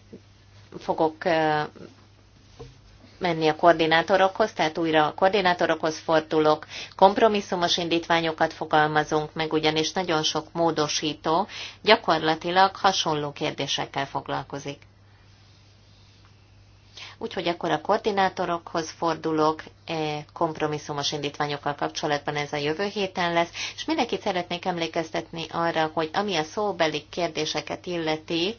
B: fogok menni a koordinátorokhoz, tehát újra a koordinátorokhoz fordulok, kompromisszumos indítványokat fogalmazunk meg, ugyanis nagyon sok módosító gyakorlatilag hasonló kérdésekkel foglalkozik. Úgyhogy akkor a koordinátorokhoz fordulok, e, kompromisszumos indítványokkal kapcsolatban ez a jövő héten lesz, és mindenkit szeretnék emlékeztetni arra, hogy ami a szóbeli kérdéseket illeti,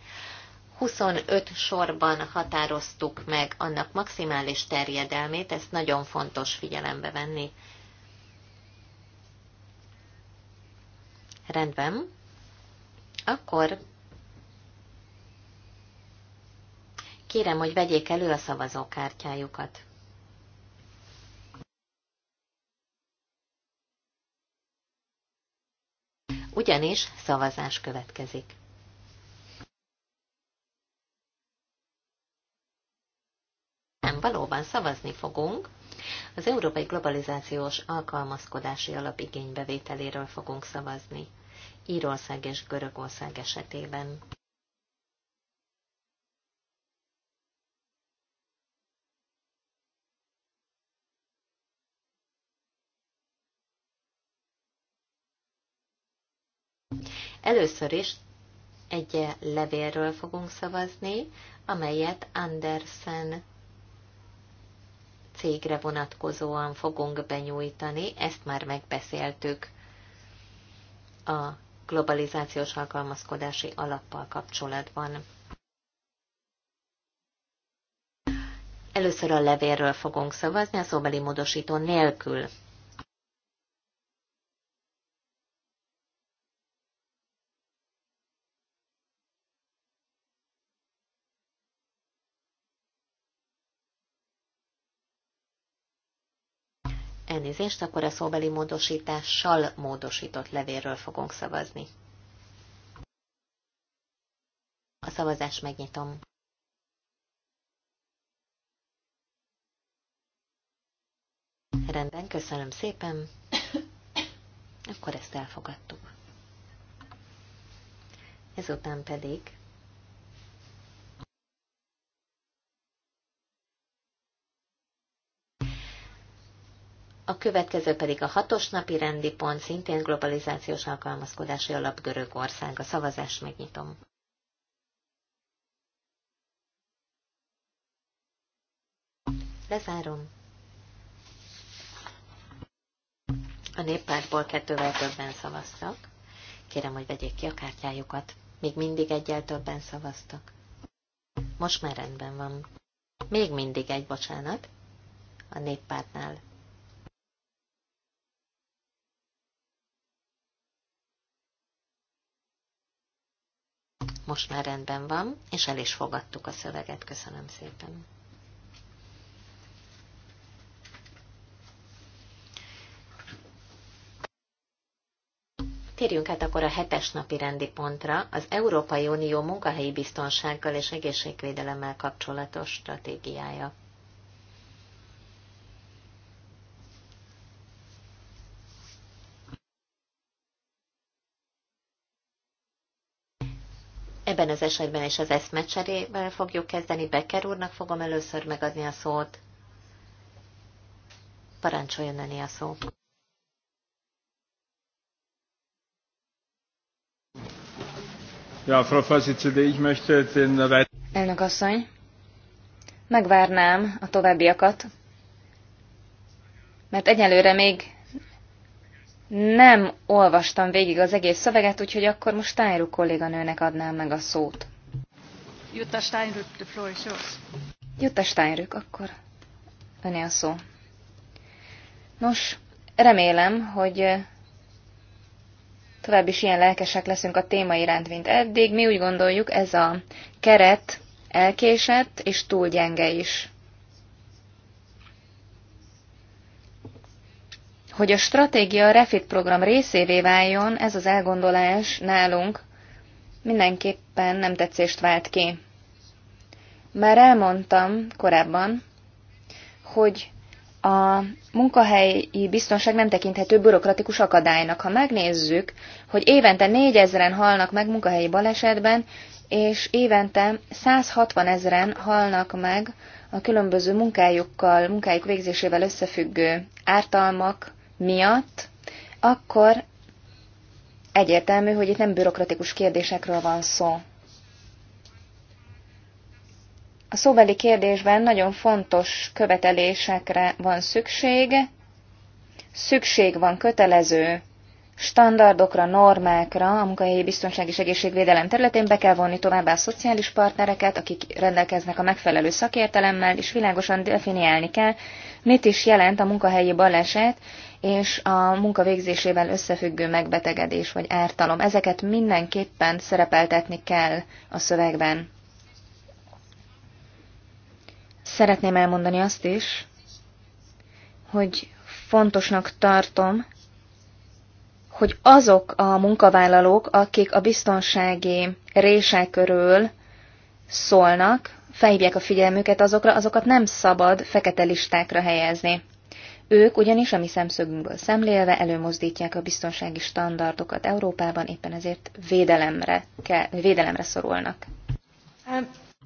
B: 25 sorban határoztuk meg annak maximális terjedelmét, ezt nagyon fontos figyelembe venni. Rendben. Akkor Kérem, hogy vegyék elő a szavazókártyájukat. Ugyanis szavazás következik. Nem, valóban szavazni fogunk. Az Európai Globalizációs Alkalmazkodási igénybevételéről fogunk szavazni. Írország és Görögország esetében. Először is egy levélről fogunk szavazni, amelyet Andersen cégre vonatkozóan fogunk benyújtani, ezt már megbeszéltük a globalizációs alkalmazkodási alappal kapcsolatban. Először a levélről fogunk szavazni, a szóbeli módosító nélkül. Elnézést, akkor a szóbeli módosítással módosított levéről fogunk szavazni. A szavazást megnyitom. Rendben, köszönöm szépen. Akkor ezt elfogadtuk. Ezután pedig A következő pedig a hatos napi rendi pont, szintén globalizációs alkalmazkodási alap Görögország. A szavazást megnyitom. Lezárom. A néppártból kettővel többen szavaztak. Kérem, hogy vegyék ki a kártyájukat. Még mindig egyel többen szavaztak. Most már rendben van. Még mindig egy bocsánat. A néppártnál most már rendben van, és el is fogadtuk a szöveget. Köszönöm szépen. Térjünk át akkor a hetes napi rendi pontra, az Európai Unió munkahelyi biztonsággal és egészségvédelemmel kapcsolatos stratégiája. Ebben az esetben is az eszmecserével fogjuk kezdeni. Becker úrnak fogom először megadni a szót. Parancsoljon öné a szó.
A: Ja, Frau Vorsitzende, ich möchte den...
D: Elnök asszony, megvárnám a továbbiakat, mert egyelőre még nem olvastam végig az egész szöveget, úgyhogy akkor most Steinruck kolléganőnek adnám meg a szót.
C: Jutta Steinruck, the floor is yours.
D: Jutta Steinruck, akkor öné a szó. Nos, remélem, hogy tovább is ilyen lelkesek leszünk a téma iránt, mint eddig. Mi úgy gondoljuk, ez a keret elkésett és túl gyenge is. hogy a stratégia Refit program részévé váljon, ez az elgondolás nálunk mindenképpen nem tetszést vált ki. Már elmondtam korábban, hogy a munkahelyi biztonság nem tekinthető bürokratikus akadálynak. Ha megnézzük, hogy évente 4000-en halnak meg munkahelyi balesetben, és évente 160 ezeren halnak meg a különböző munkájukkal, munkájuk végzésével összefüggő ártalmak, miatt, akkor egyértelmű, hogy itt nem bürokratikus kérdésekről van szó. A szóbeli kérdésben nagyon fontos követelésekre van szükség, szükség van kötelező standardokra, normákra a munkahelyi biztonság és egészségvédelem területén be kell vonni továbbá a szociális partnereket, akik rendelkeznek a megfelelő szakértelemmel, és világosan definiálni kell, mit is jelent a munkahelyi baleset, és a munka végzésével összefüggő megbetegedés vagy ártalom. Ezeket mindenképpen szerepeltetni kell a szövegben. Szeretném elmondani azt is, hogy fontosnak tartom, hogy azok a munkavállalók, akik a biztonsági rések körül szólnak, felhívják a figyelmüket azokra, azokat nem szabad fekete listákra helyezni. Ők ugyanis a mi szemszögünkből szemlélve előmozdítják a biztonsági standardokat Európában, éppen ezért védelemre, kell, védelemre szorulnak.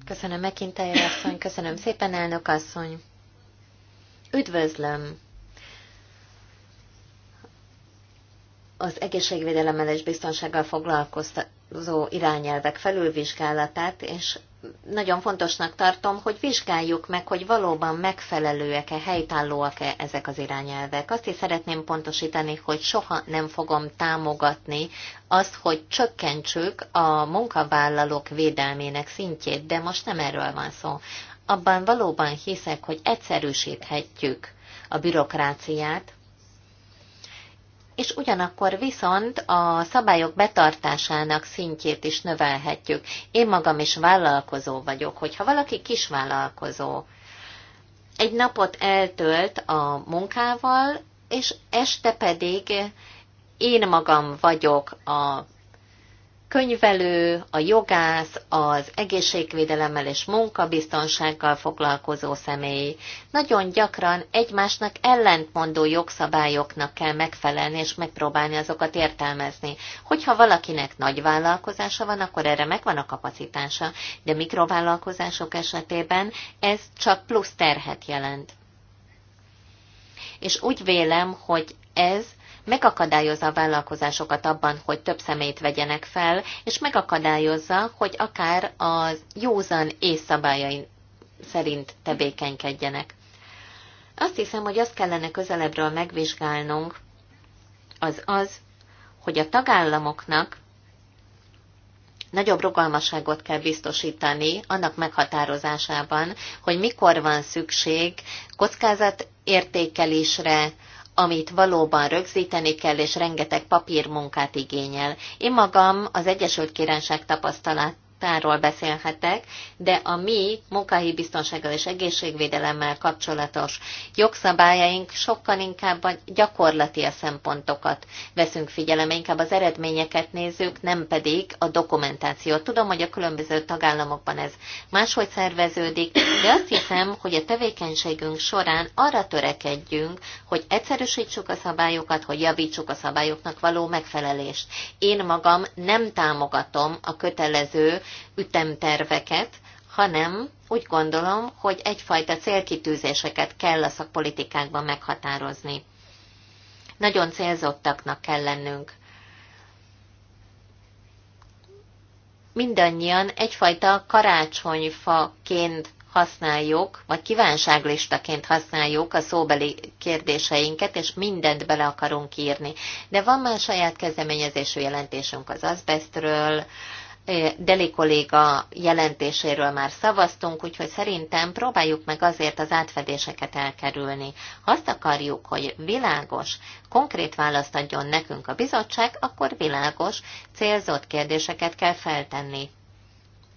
B: Köszönöm, mekintai asszony, köszönöm szépen, elnök asszony. Üdvözlöm! Az egészségvédelemmel és biztonsággal foglalkoztató irányelvek felülvizsgálatát, és nagyon fontosnak tartom, hogy vizsgáljuk meg, hogy valóban megfelelőek-e, helytállóak-e ezek az irányelvek. Azt is szeretném pontosítani, hogy soha nem fogom támogatni azt, hogy csökkentsük a munkavállalók védelmének szintjét, de most nem erről van szó. Abban valóban hiszek, hogy egyszerűsíthetjük a bürokráciát, és ugyanakkor viszont a szabályok betartásának szintjét is növelhetjük. Én magam is vállalkozó vagyok, hogyha valaki kisvállalkozó egy napot eltölt a munkával, és este pedig én magam vagyok a könyvelő, a jogász, az egészségvédelemmel és munkabiztonsággal foglalkozó személy nagyon gyakran egymásnak ellentmondó jogszabályoknak kell megfelelni és megpróbálni azokat értelmezni. Hogyha valakinek nagy vállalkozása van, akkor erre megvan a kapacitása, de mikrovállalkozások esetében ez csak plusz terhet jelent. És úgy vélem, hogy ez megakadályozza a vállalkozásokat abban, hogy több szemét vegyenek fel, és megakadályozza, hogy akár az józan és szabályai szerint tevékenykedjenek. Azt hiszem, hogy azt kellene közelebbről megvizsgálnunk, az az, hogy a tagállamoknak nagyobb rugalmasságot kell biztosítani annak meghatározásában, hogy mikor van szükség kockázatértékelésre, amit valóban rögzíteni kell, és rengeteg papírmunkát igényel. Én magam az Egyesült Királyság tapasztalat táról beszélhetek, de a mi munkahelyi biztonsággal és egészségvédelemmel kapcsolatos jogszabályaink sokkal inkább a gyakorlati a szempontokat veszünk figyelembe, inkább az eredményeket nézzük, nem pedig a dokumentációt. Tudom, hogy a különböző tagállamokban ez máshogy szerveződik, de azt hiszem, hogy a tevékenységünk során arra törekedjünk, hogy egyszerűsítsük a szabályokat, hogy javítsuk a szabályoknak való megfelelést. Én magam nem támogatom a kötelező ütemterveket, hanem úgy gondolom, hogy egyfajta célkitűzéseket kell a szakpolitikákban meghatározni. Nagyon célzottaknak kell lennünk. Mindannyian egyfajta karácsonyfaként használjuk, vagy kívánságlistaként használjuk a szóbeli kérdéseinket, és mindent bele akarunk írni. De van már saját kezdeményezésű jelentésünk az azbestről, Deli kolléga jelentéséről már szavaztunk, úgyhogy szerintem próbáljuk meg azért az átfedéseket elkerülni. Ha azt akarjuk, hogy világos, konkrét választ adjon nekünk a bizottság, akkor világos, célzott kérdéseket kell feltenni.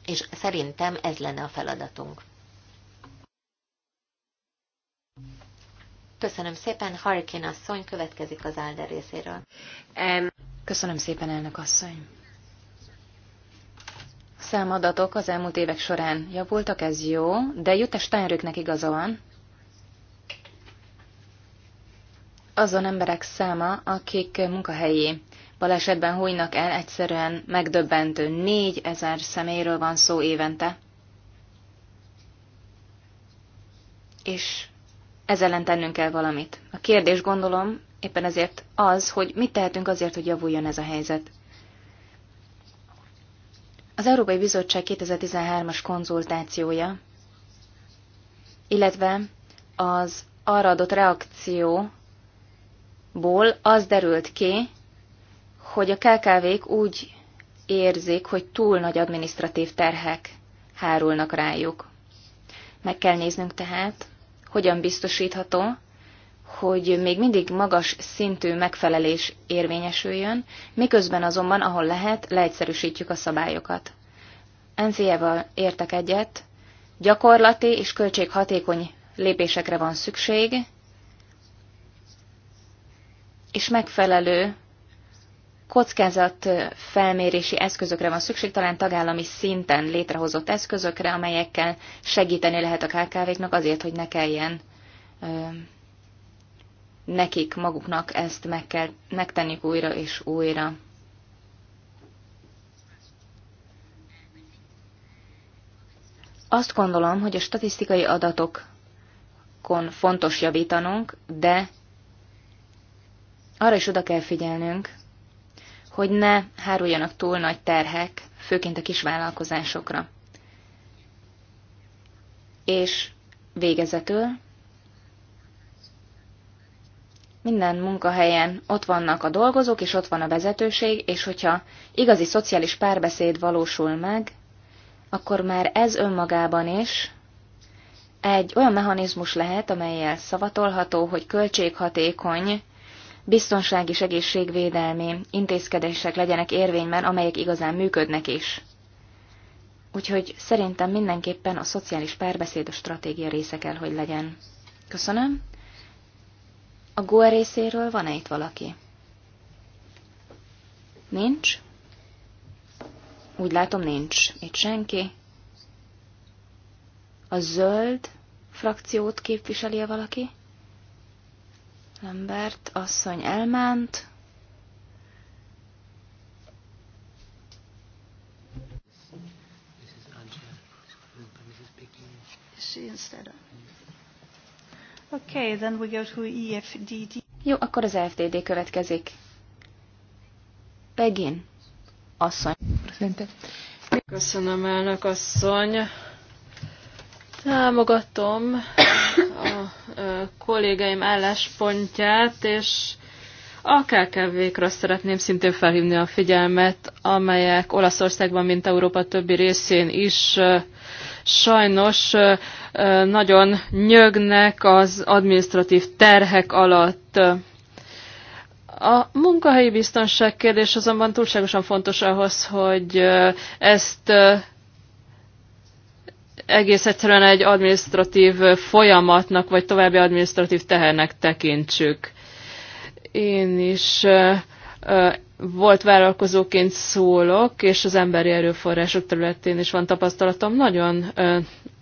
B: És szerintem ez lenne a feladatunk. Köszönöm szépen, Harkin asszony következik az Álder részéről.
D: Köszönöm szépen, elnök asszony számadatok az elmúlt évek során javultak, ez jó, de jut-e Steinröknek igaza van? Azon emberek száma, akik munkahelyi balesetben hújnak el, egyszerűen megdöbbentő. Négy ezer személyről van szó évente. És ezzel ellen tennünk kell valamit. A kérdés gondolom éppen ezért az, hogy mit tehetünk azért, hogy javuljon ez a helyzet. Az Európai Bizottság 2013-as konzultációja, illetve az arra adott reakcióból az derült ki, hogy a KKV-k úgy érzik, hogy túl nagy administratív terhek hárulnak rájuk. Meg kell néznünk tehát, hogyan biztosítható, hogy még mindig magas szintű megfelelés érvényesüljön, miközben azonban, ahol lehet, leegyszerűsítjük a szabályokat. Enzieval értek egyet, gyakorlati és költséghatékony lépésekre van szükség, és megfelelő kockázat felmérési eszközökre van szükség, talán tagállami szinten létrehozott eszközökre, amelyekkel segíteni lehet a KKV-knak azért, hogy ne kelljen nekik maguknak ezt meg kell megtenni újra és újra. Azt gondolom, hogy a statisztikai adatokon fontos javítanunk, de arra is oda kell figyelnünk, hogy ne háruljanak túl nagy terhek, főként a kisvállalkozásokra. És végezetül minden munkahelyen ott vannak a dolgozók, és ott van a vezetőség, és hogyha igazi szociális párbeszéd valósul meg, akkor már ez önmagában is egy olyan mechanizmus lehet, amelyel szavatolható, hogy költséghatékony, biztonsági segészségvédelmi egészségvédelmi intézkedések legyenek érvényben, amelyek igazán működnek is. Úgyhogy szerintem mindenképpen a szociális párbeszéd a stratégia része kell, hogy legyen. Köszönöm. A GOA részéről van-e itt valaki? Nincs? Úgy látom, nincs itt senki. A zöld frakciót képviseli -e valaki? Lambert asszony elment.
C: She
A: instead of. Okay, then we go to EFDD.
D: Jó, akkor az e FDD következik. Begin. Asszony. Köszönöm,
C: elnök asszony. Támogatom a kollégáim álláspontját, és a KKV-kra szeretném szintén felhívni a figyelmet, amelyek Olaszországban, mint Európa többi részén is sajnos nagyon nyögnek az administratív terhek alatt. A munkahelyi biztonság kérdés azonban túlságosan fontos ahhoz, hogy ezt egész egyszerűen egy administratív folyamatnak, vagy további administratív tehernek tekintsük. Én is volt vállalkozóként szólok, és az emberi erőforrások területén is van tapasztalatom, nagyon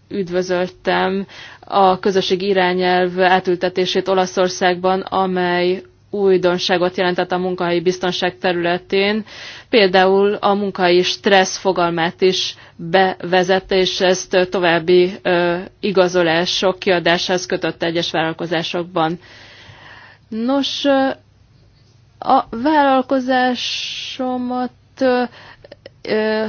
C: üdvözöltem a közösség irányelv átültetését Olaszországban, amely újdonságot jelentett a munkahelyi biztonság területén. Például a munkai stressz fogalmát is bevezette, és ezt további ö, igazolások kiadáshoz kötött egyes vállalkozásokban. Nos, a vállalkozásomat ö, ö,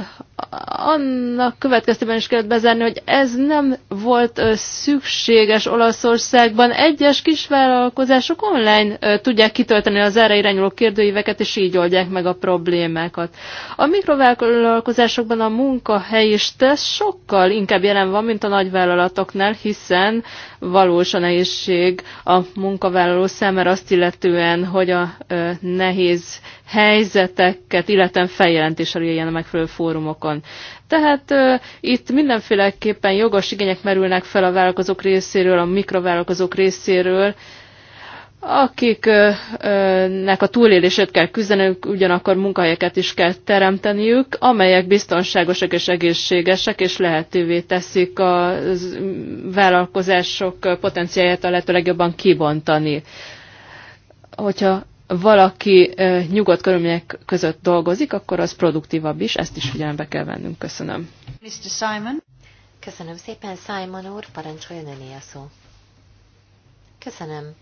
C: annak következtében is kellett bezárni, hogy ez nem volt szükséges Olaszországban. Egyes kisvállalkozások online tudják kitölteni az erre irányuló kérdőíveket, és így oldják meg a problémákat. A mikrovállalkozásokban a munkahelyi stressz sokkal inkább jelen van, mint a nagyvállalatoknál, hiszen valós a nehézség a munkavállaló számára azt illetően, hogy a nehéz helyzeteket, illetve feljelentéssel éljen a megfelelő fórumokon. Tehát uh, itt mindenféleképpen jogos igények merülnek fel a vállalkozók részéről, a mikrovállalkozók részéről, akiknek a túlélését kell küzdenünk, ugyanakkor munkahelyeket is kell teremteniük, amelyek biztonságosak és egészségesek, és lehetővé teszik a vállalkozások potenciáját a lehető legjobban kibontani. Hogyha valaki nyugodt körülmények között dolgozik, akkor az produktívabb is, ezt is figyelembe kell vennünk. Köszönöm.
B: Mr. Simon. Köszönöm szépen, Simon úr, parancsoljon öné a szó. Köszönöm.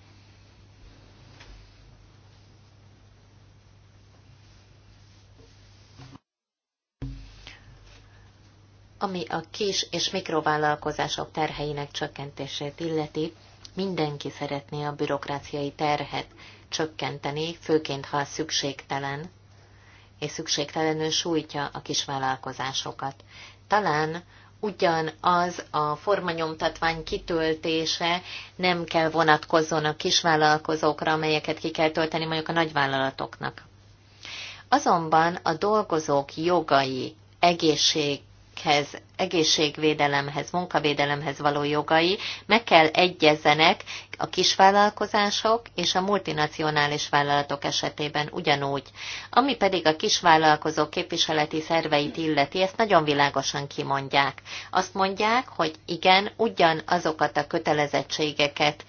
B: Ami a kis és mikrovállalkozások terheinek csökkentését illeti, mindenki szeretné a bürokráciai terhet csökkenteni, főként ha szükségtelen, és szükségtelenül sújtja a kisvállalkozásokat. Talán ugyanaz a formanyomtatvány kitöltése nem kell vonatkozzon a kisvállalkozókra, amelyeket ki kell tölteni mondjuk a nagyvállalatoknak. Azonban a dolgozók jogai, egészség, gyermekhez, egészségvédelemhez, munkavédelemhez való jogai meg kell egyezzenek a kisvállalkozások és a multinacionális vállalatok esetében ugyanúgy. Ami pedig a kisvállalkozó képviseleti szerveit illeti, ezt nagyon világosan kimondják. Azt mondják, hogy igen, ugyanazokat a kötelezettségeket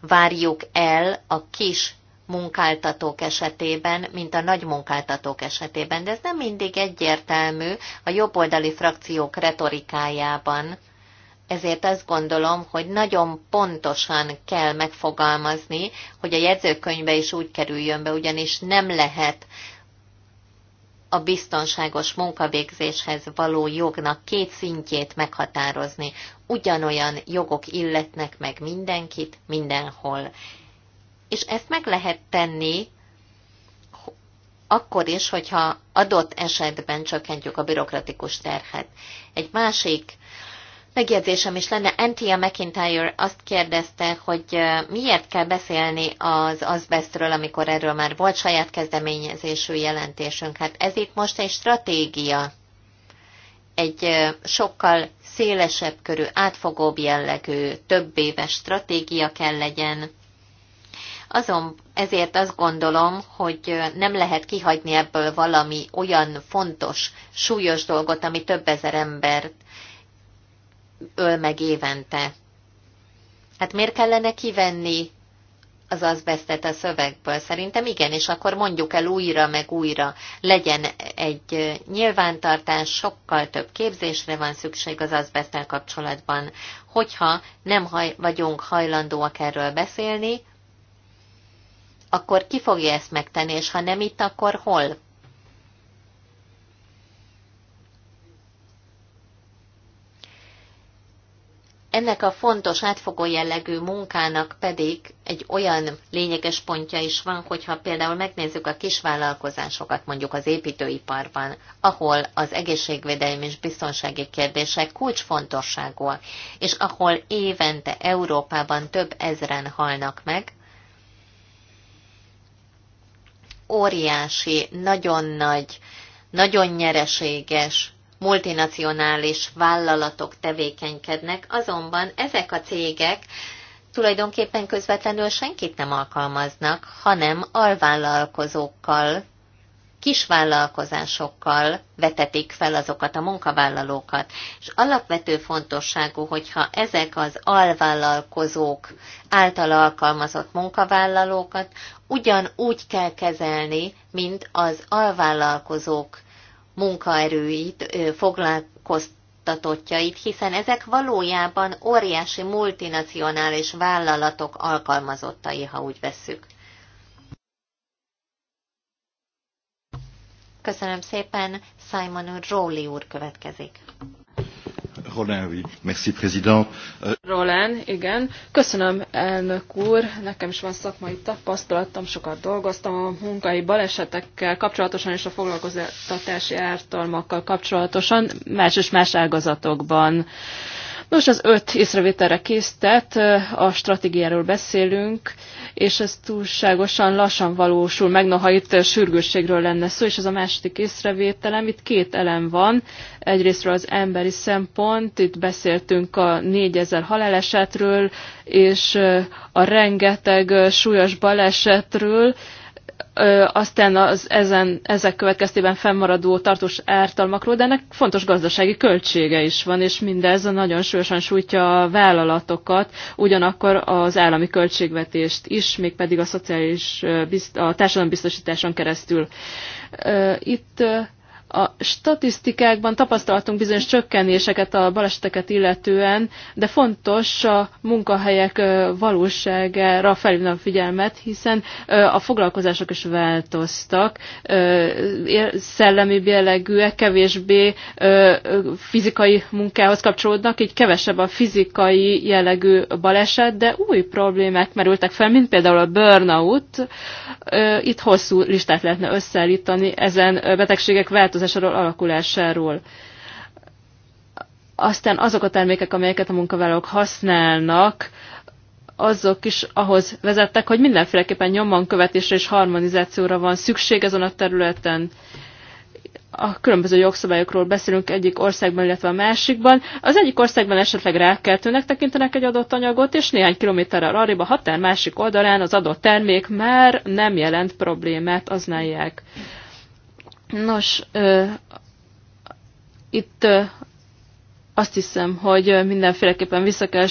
B: várjuk el a kis munkáltatók esetében, mint a nagy munkáltatók esetében, de ez nem mindig egyértelmű a jobboldali frakciók retorikájában. Ezért azt gondolom, hogy nagyon pontosan kell megfogalmazni, hogy a jegyzőkönyvbe is úgy kerüljön be, ugyanis nem lehet a biztonságos munkavégzéshez való jognak két szintjét meghatározni. Ugyanolyan jogok illetnek meg mindenkit, mindenhol és ezt meg lehet tenni akkor is, hogyha adott esetben csökkentjük a bürokratikus terhet. Egy másik megjegyzésem is lenne, Antia McIntyre azt kérdezte, hogy miért kell beszélni az azbestről, amikor erről már volt saját kezdeményezésű jelentésünk. Hát ez itt most egy stratégia, egy sokkal szélesebb körű, átfogóbb jellegű, több éves stratégia kell legyen, azon ezért azt gondolom, hogy nem lehet kihagyni ebből valami olyan fontos, súlyos dolgot, ami több ezer embert öl meg évente. Hát miért kellene kivenni az azbesztet a szövegből? Szerintem igen, és akkor mondjuk el újra meg újra. Legyen egy nyilvántartás, sokkal több képzésre van szükség az azbesztel kapcsolatban. Hogyha nem haj, vagyunk hajlandóak erről beszélni, akkor ki fogja ezt megtenni, és ha nem itt, akkor hol? Ennek a fontos átfogó jellegű munkának pedig egy olyan lényeges pontja is van, hogyha például megnézzük a kisvállalkozásokat mondjuk az építőiparban, ahol az egészségvédelmi és biztonsági kérdések kulcsfontosságúak, és ahol évente Európában több ezren halnak meg, óriási, nagyon nagy, nagyon nyereséges multinacionális vállalatok tevékenykednek, azonban ezek a cégek tulajdonképpen közvetlenül senkit nem alkalmaznak, hanem alvállalkozókkal, kisvállalkozásokkal vetetik fel azokat a munkavállalókat. És alapvető fontosságú, hogyha ezek az alvállalkozók által alkalmazott munkavállalókat ugyanúgy kell kezelni, mint az alvállalkozók munkaerőit, foglalkoztatottjait, hiszen ezek valójában óriási multinacionális vállalatok alkalmazottai, ha úgy vesszük. Köszönöm szépen, Simon úr, Rowley úr következik.
A: Euh,
C: Roland, igen. Köszönöm, elnök úr. Nekem is van szakmai tapasztalatom, sokat dolgoztam a munkai balesetekkel kapcsolatosan és a foglalkoztatási ártalmakkal kapcsolatosan, más és más ágazatokban. Uh, Nos, az öt észrevételre késztet, a stratégiáról beszélünk, és ez túlságosan lassan valósul meg, noha itt sürgősségről lenne szó, és ez a második észrevételem. Itt két elem van. Egyrésztről az emberi szempont, itt beszéltünk a 4000 halálesetről, és a rengeteg súlyos balesetről, aztán az ezen, ezek következtében fennmaradó tartós ártalmakról, de ennek fontos gazdasági költsége is van, és mindez nagyon súlyosan sújtja a vállalatokat, ugyanakkor az állami költségvetést is, mégpedig a szociális, a társadalombiztosításon keresztül. Itt a statisztikákban tapasztaltunk bizonyos csökkenéseket a baleseteket illetően, de fontos a munkahelyek valóságára felhívni a figyelmet, hiszen a foglalkozások is változtak, szellemi jellegűek, kevésbé fizikai munkához kapcsolódnak, így kevesebb a fizikai jellegű baleset, de új problémák merültek fel, mint például a burnout. Itt hosszú listát lehetne összeállítani ezen betegségek változásával megváltozásáról, alakulásáról. Aztán azok a termékek, amelyeket a munkavállalók használnak, azok is ahhoz vezettek, hogy mindenféleképpen nyomban követésre és harmonizációra van szükség ezen a területen a különböző jogszabályokról beszélünk egyik országban, illetve a másikban. Az egyik országban esetleg rákeltőnek tekintenek egy adott anyagot, és néhány kilométerrel arrébb a határ másik oldalán az adott termék már nem jelent problémát, aználják. Nos, ö, itt ö, azt hiszem, hogy mindenféleképpen vissza kell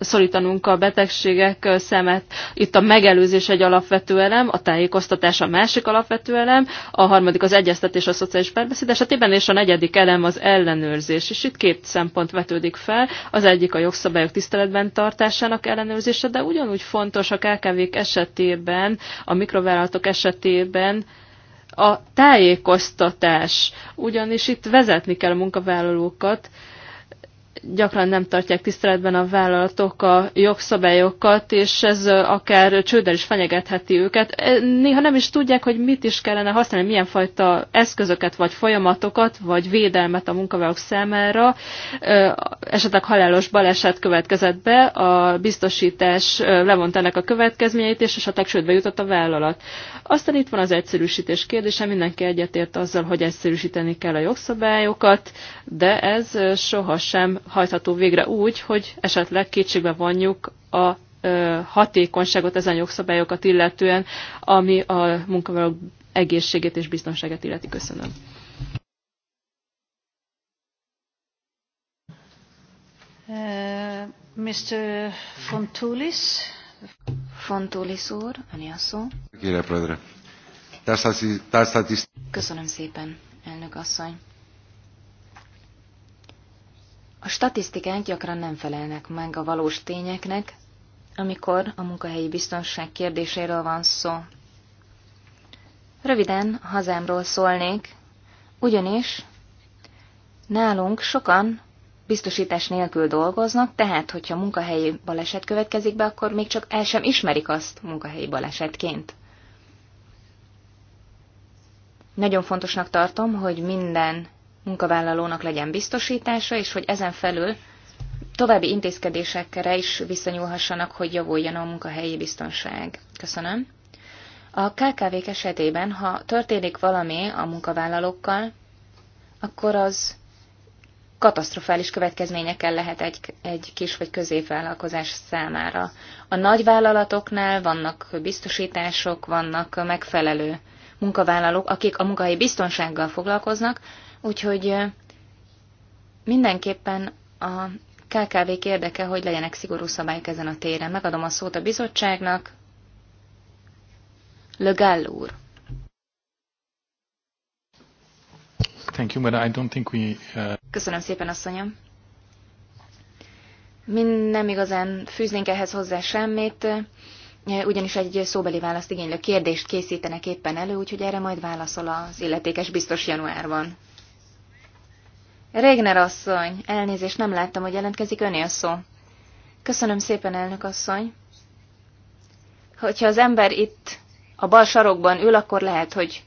C: szorítanunk a betegségek szemet. Itt a megelőzés egy alapvető elem, a tájékoztatás a másik alapvető elem, a harmadik az egyeztetés a szociális párbeszéd esetében, és a negyedik elem az ellenőrzés. És itt két szempont vetődik fel, az egyik a jogszabályok tiszteletben tartásának ellenőrzése, de ugyanúgy fontos a KKV-k esetében, a mikrovállalatok esetében, a tájékoztatás, ugyanis itt vezetni kell a munkavállalókat, gyakran nem tartják tiszteletben a vállalatok a jogszabályokat, és ez akár csőddel is fenyegetheti őket. E, néha nem is tudják, hogy mit is kellene használni, milyen fajta eszközöket, vagy folyamatokat, vagy védelmet a munkavállalók számára. Esetleg halálos baleset következett be, a biztosítás levont ennek a következményeit, és esetleg csődbe jutott a vállalat. Aztán itt van az egyszerűsítés kérdése, mindenki egyetért azzal, hogy egyszerűsíteni kell a jogszabályokat, de ez sohasem hajtható végre úgy, hogy esetleg kétségbe vonjuk a hatékonyságot ezen jogszabályokat illetően, ami a munkavállalók egészségét és biztonságát illeti. Köszönöm.
A: Uh, Mr.
D: Fontoulis. Fontoulis úr, Köszönöm szépen, elnök asszony. A statisztikák gyakran nem felelnek meg a valós tényeknek, amikor a munkahelyi biztonság kérdéséről van szó. Röviden hazámról szólnék, ugyanis nálunk sokan biztosítás nélkül dolgoznak, tehát hogyha munkahelyi baleset következik be, akkor még csak el sem ismerik azt munkahelyi balesetként. Nagyon fontosnak tartom, hogy minden munkavállalónak legyen biztosítása, és hogy ezen felül további intézkedésekre is viszonyulhassanak, hogy javuljon a munkahelyi biztonság. Köszönöm. A KKV-k esetében, ha történik valami a munkavállalókkal, akkor az katasztrofális következményekkel lehet egy, egy kis vagy középvállalkozás számára. A nagyvállalatoknál vannak biztosítások, vannak megfelelő munkavállalók, akik a munkahelyi biztonsággal foglalkoznak, Úgyhogy mindenképpen a KKV-k érdeke, hogy legyenek szigorú szabályok ezen a téren. Megadom a szót a bizottságnak. Le Gall úr.
A: Thank you, but I don't think we, uh...
D: Köszönöm szépen, asszonyom. Mi nem igazán fűznénk ehhez hozzá semmit, ugyanis egy szóbeli választ igénylő kérdést készítenek éppen elő, úgyhogy erre majd válaszol az illetékes biztos januárban. Régner asszony, elnézést nem láttam, hogy jelentkezik a szó. Köszönöm szépen, elnök asszony. Hogyha az ember itt a bal sarokban ül, akkor lehet, hogy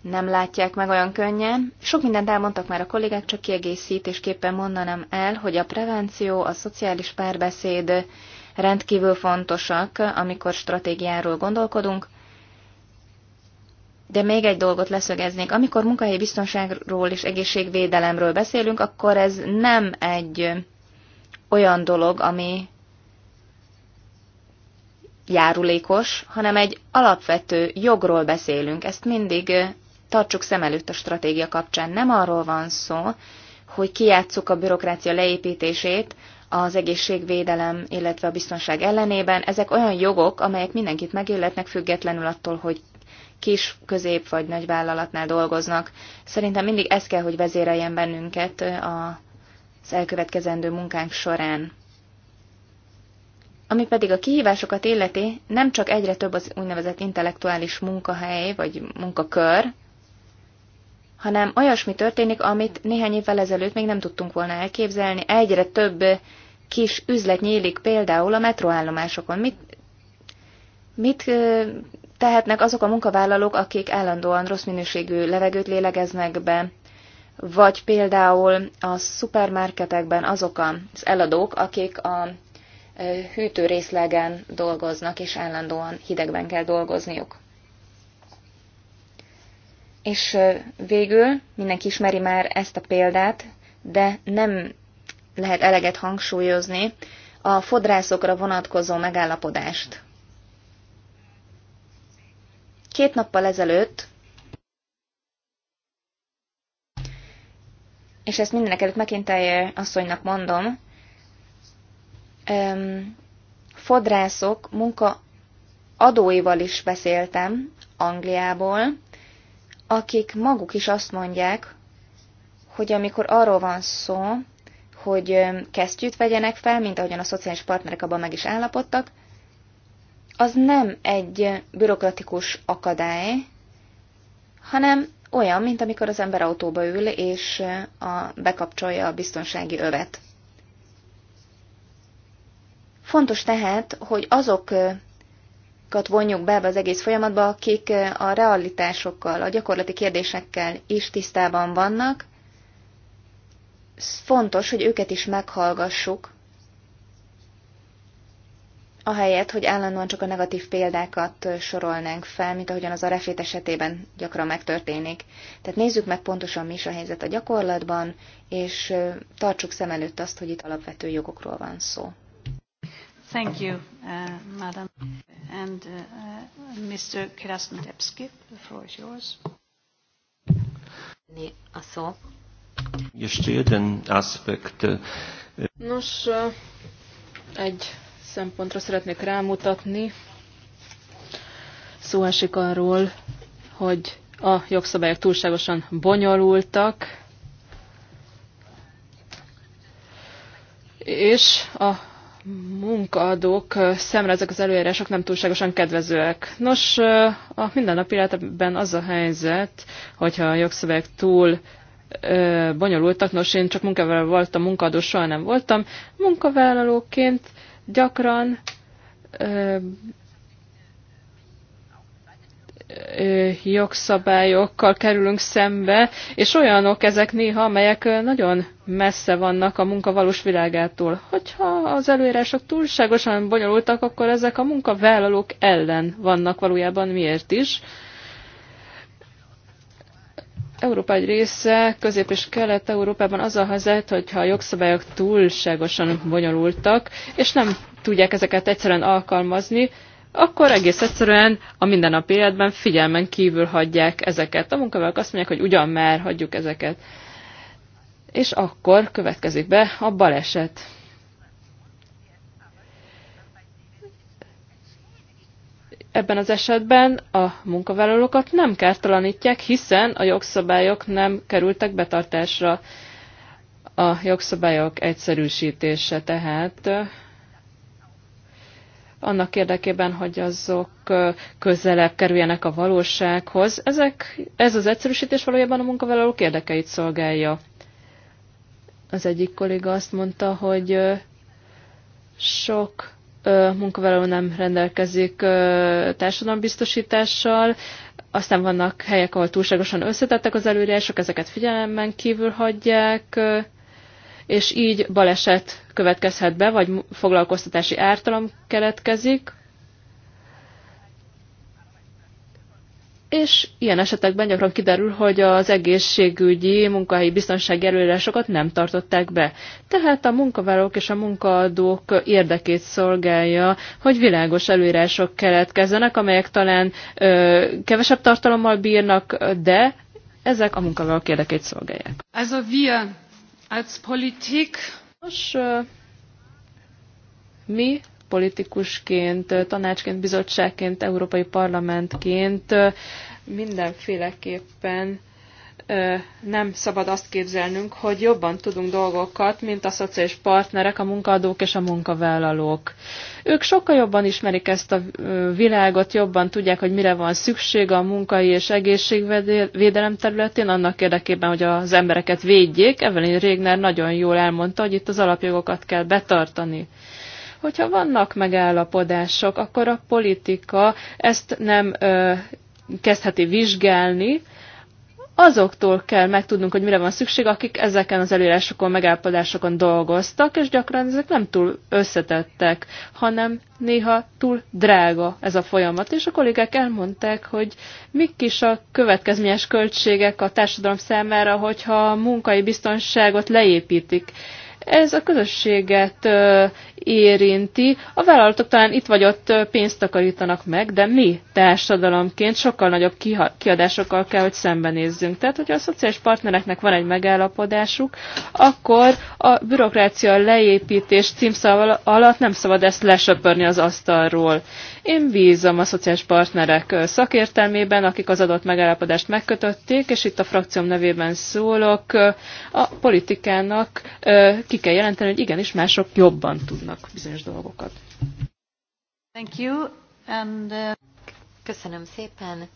D: nem látják meg olyan könnyen. Sok mindent elmondtak már a kollégák, csak kiegészítésképpen mondanám el, hogy a prevenció, a szociális párbeszéd rendkívül fontosak, amikor stratégiáról gondolkodunk. De még egy dolgot leszögeznék. Amikor munkahelyi biztonságról és egészségvédelemről beszélünk, akkor ez nem egy olyan dolog, ami járulékos, hanem egy alapvető jogról beszélünk. Ezt mindig tartsuk szem előtt a stratégia kapcsán. Nem arról van szó, hogy kijátsszuk a bürokrácia leépítését az egészségvédelem, illetve a biztonság ellenében. Ezek olyan jogok, amelyek mindenkit megilletnek függetlenül attól, hogy kis, közép vagy nagy vállalatnál dolgoznak. Szerintem mindig ez kell, hogy vezéreljen bennünket az elkövetkezendő munkánk során. Ami pedig a kihívásokat illeti, nem csak egyre több az úgynevezett intellektuális munkahely vagy munkakör, hanem olyasmi történik, amit néhány évvel ezelőtt még nem tudtunk volna elképzelni. Egyre több kis üzlet nyílik például a metroállomásokon. Mit, mit tehetnek azok a munkavállalók, akik állandóan rossz minőségű levegőt lélegeznek be, vagy például a szupermarketekben azok az eladók, akik a hűtőrészlegen dolgoznak, és állandóan hidegben kell dolgozniuk. És végül mindenki ismeri már ezt a példát, de nem lehet eleget hangsúlyozni a fodrászokra vonatkozó megállapodást. Két nappal ezelőtt, és ezt mindenek előtt McIntyre asszonynak mondom, öm, fodrászok munka adóival is beszéltem Angliából, akik maguk is azt mondják, hogy amikor arról van szó, hogy kesztyűt vegyenek fel, mint ahogyan a szociális partnerek abban meg is állapodtak, az nem egy bürokratikus akadály, hanem olyan, mint amikor az ember autóba ül, és a, bekapcsolja a biztonsági övet. Fontos tehát, hogy azokat vonjuk be ebbe az egész folyamatba, akik a realitásokkal, a gyakorlati kérdésekkel is tisztában vannak. Fontos, hogy őket is meghallgassuk, ahelyett, hogy állandóan csak a negatív példákat sorolnánk fel, mint ahogyan az a refét esetében gyakran megtörténik. Tehát nézzük meg pontosan mi is a helyzet a gyakorlatban, és tartsuk szem előtt azt, hogy itt alapvető jogokról van szó.
A: Thank you, uh, madam. And uh, uh Mr. Krasnodebski, the
C: floor is yours. A szó.
A: Jeszcze jeden aspekt. E,
C: Nos, egy szempontra szeretnék rámutatni. Szó esik arról, hogy a jogszabályok túlságosan bonyolultak, és a munkaadók szemre ezek az előírások nem túlságosan kedvezőek. Nos, a mindennapi életben az a helyzet, hogyha a jogszabályok túl bonyolultak, nos én csak munkavállaló voltam, munkaadó soha nem voltam. Munkavállalóként Gyakran ö, ö, jogszabályokkal kerülünk szembe, és olyanok ezek néha, amelyek nagyon messze vannak a munka valós világától. Hogyha az előírások túlságosan bonyolultak, akkor ezek a munkavállalók ellen vannak valójában miért is, Európa egy része Közép- és Kelet-Európában az a helyzet, hogyha a jogszabályok túlságosan bonyolultak, és nem tudják ezeket egyszerűen alkalmazni, akkor egész egyszerűen a mindennapi életben figyelmen kívül hagyják ezeket. A munkavállalók azt mondják, hogy ugyan már hagyjuk ezeket. És akkor következik be a baleset. Ebben az esetben a munkavállalókat nem kártalanítják, hiszen a jogszabályok nem kerültek betartásra. A jogszabályok egyszerűsítése tehát annak érdekében, hogy azok közelebb kerüljenek a valósághoz. Ezek, ez az egyszerűsítés valójában a munkavállalók érdekeit szolgálja. Az egyik kolléga azt mondta, hogy sok munkavállaló nem rendelkezik társadalombiztosítással, aztán vannak helyek, ahol túlságosan összetettek az előírások, ezeket figyelemben kívül hagyják, és így baleset következhet be, vagy foglalkoztatási ártalom keletkezik, és ilyen esetekben gyakran kiderül, hogy az egészségügyi munkahelyi biztonsági előírásokat nem tartották be. Tehát a munkavállalók és a munkaadók érdekét szolgálja, hogy világos előírások keletkezzenek, amelyek talán ö, kevesebb tartalommal bírnak, de ezek a munkavállalók érdekét szolgálják. a via als Politik. Nos, mi politikusként, tanácsként, bizottságként, európai parlamentként mindenféleképpen nem szabad azt képzelnünk, hogy jobban tudunk dolgokat, mint a szociális partnerek, a munkaadók és a munkavállalók. Ők sokkal jobban ismerik ezt a világot, jobban tudják, hogy mire van szükség a munkai és egészségvédelem területén, annak érdekében, hogy az embereket védjék. Evelyn Régner nagyon jól elmondta, hogy itt az alapjogokat kell betartani. Hogyha vannak megállapodások, akkor a politika ezt nem ö, kezdheti vizsgálni, azoktól kell megtudnunk, hogy mire van szükség, akik ezeken az előírásokon, megállapodásokon dolgoztak, és gyakran ezek nem túl összetettek, hanem néha túl drága ez a folyamat. És a kollégák elmondták, hogy mik is a következményes költségek a társadalom számára, hogyha a munkai biztonságot leépítik. Ez a közösséget érinti. A vállalatok talán itt vagy ott pénzt takarítanak meg, de mi társadalomként sokkal nagyobb kiadásokkal kell, hogy szembenézzünk. Tehát, hogyha a szociális partnereknek van egy megállapodásuk, akkor a bürokrácia leépítés címszava alatt nem szabad ezt lesöpörni az asztalról. Én bízom a szociális partnerek szakértelmében, akik az adott megállapodást megkötötték, és itt a frakcióm nevében szólok, a politikának ki kell jelenteni, hogy igenis mások jobban tudnak bizonyos dolgokat.
B: Thank you, and, uh... Köszönöm szépen.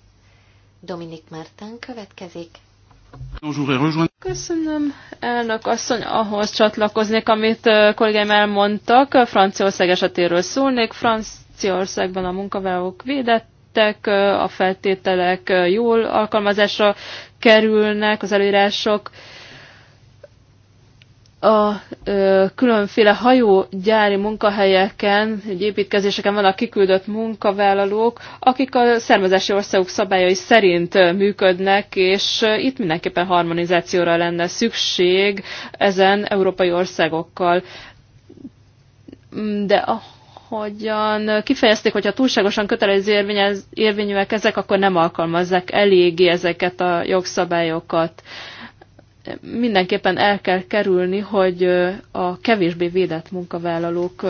B: Dominik Márten következik.
C: Köszönöm, elnök asszony, ahhoz csatlakoznék, amit kollégáim elmondtak. Franciaország esetéről szólnék. Franc Franciaországban a munkavállalók védettek, a feltételek jól alkalmazásra kerülnek, az előírások a ö, különféle hajógyári munkahelyeken, egy építkezéseken vannak kiküldött munkavállalók, akik a származási országok szabályai szerint működnek, és itt mindenképpen harmonizációra lenne szükség ezen európai országokkal. De a hogyan kifejezték, hogyha túlságosan kötelező érvényűek ezek, akkor nem alkalmazzák eléggé ezeket a jogszabályokat. Mindenképpen el kell kerülni, hogy a kevésbé védett munkavállalók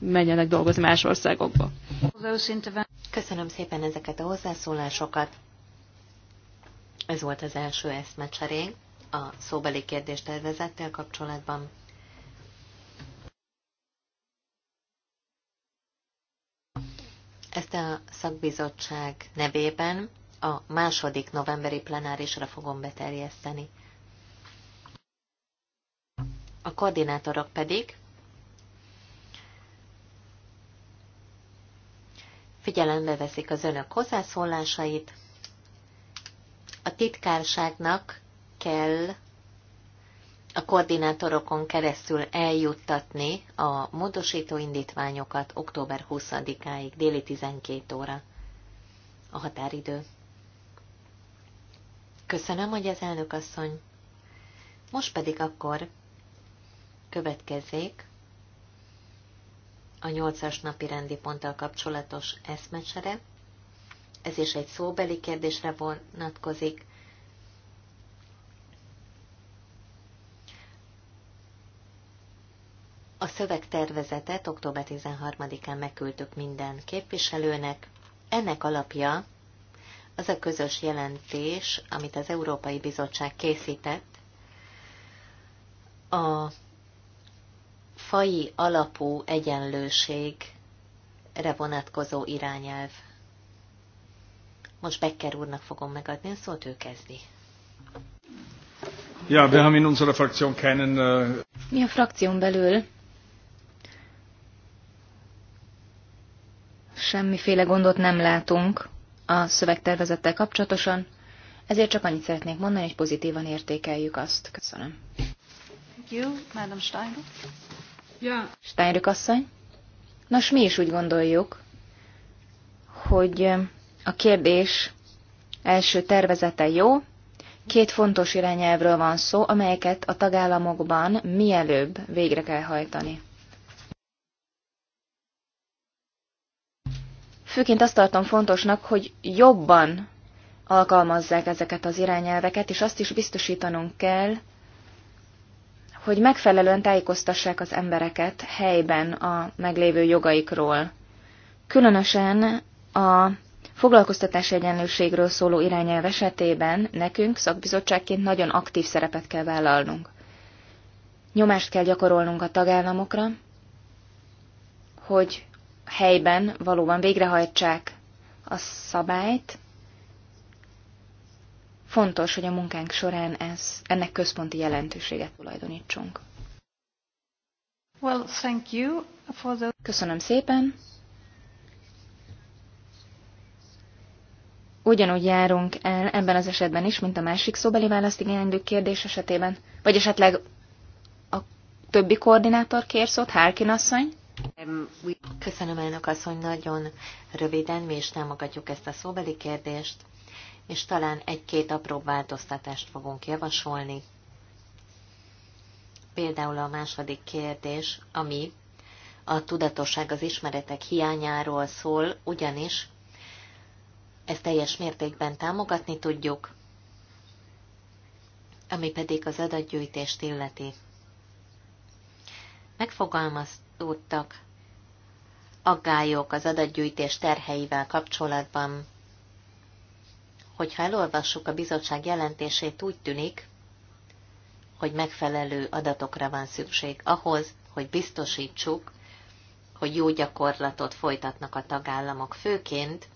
C: menjenek dolgozni más országokba.
B: Köszönöm szépen ezeket a hozzászólásokat. Ez volt az első eszmecserénk a szóbeli kérdéstervezettel kapcsolatban. Ezt a szakbizottság nevében a második novemberi plenárisra fogom beterjeszteni. A koordinátorok pedig figyelembe veszik az önök hozzászólásait, a titkárságnak kell a koordinátorokon keresztül eljuttatni a módosító indítványokat október 20-áig, déli 12 óra a határidő. Köszönöm, hogy az elnök asszony. Most pedig akkor következzék a nyolcas napi rendi ponttal kapcsolatos eszmecsere. Ez is egy szóbeli kérdésre vonatkozik. szövegtervezetet október 13-án megküldtük minden képviselőnek. Ennek alapja az a közös jelentés, amit az Európai Bizottság készített a fai alapú egyenlőségre vonatkozó irányelv. Most Becker úrnak fogom megadni a szót, ő kezdi.
A: Ja, wir haben in unserer Fraktion keinen... Äh,
D: Mi a frakción belül semmiféle gondot nem látunk a szövegtervezettel kapcsolatosan, ezért csak annyit szeretnék mondani, hogy pozitívan értékeljük azt. Köszönöm.
C: Thank
A: you, Madam Steinrück. Yeah.
D: Steinrück asszony. Nos, mi is úgy gondoljuk, hogy a kérdés első tervezete jó, két fontos irányelvről van szó, amelyeket a tagállamokban mielőbb végre kell hajtani. Főként azt tartom fontosnak, hogy jobban alkalmazzák ezeket az irányelveket, és azt is biztosítanunk kell, hogy megfelelően tájékoztassák az embereket helyben a meglévő jogaikról. Különösen a foglalkoztatási egyenlőségről szóló irányelv esetében nekünk szakbizottságként nagyon aktív szerepet kell vállalnunk. Nyomást kell gyakorolnunk a tagállamokra, hogy helyben valóban végrehajtsák a szabályt. Fontos, hogy a munkánk során ez, ennek központi jelentőséget tulajdonítsunk. Well, thank you for the... Köszönöm szépen. Ugyanúgy járunk el ebben az esetben is, mint a másik szóbeli választ igénylő kérdés esetében, vagy esetleg a többi koordinátor kér szót, Harkin asszony? Köszönöm
B: elnök asszony, nagyon röviden mi is támogatjuk ezt a szóbeli kérdést, és talán egy-két apró változtatást fogunk javasolni. Például a második kérdés, ami a tudatosság az ismeretek hiányáról szól, ugyanis ezt teljes mértékben támogatni tudjuk, ami pedig az adatgyűjtést illeti. Megfogalmaz, tudtak. aggályok az adatgyűjtés terheivel kapcsolatban. Hogyha elolvassuk a bizottság jelentését, úgy tűnik, hogy megfelelő adatokra van szükség ahhoz, hogy biztosítsuk, hogy jó gyakorlatot folytatnak a tagállamok, főként,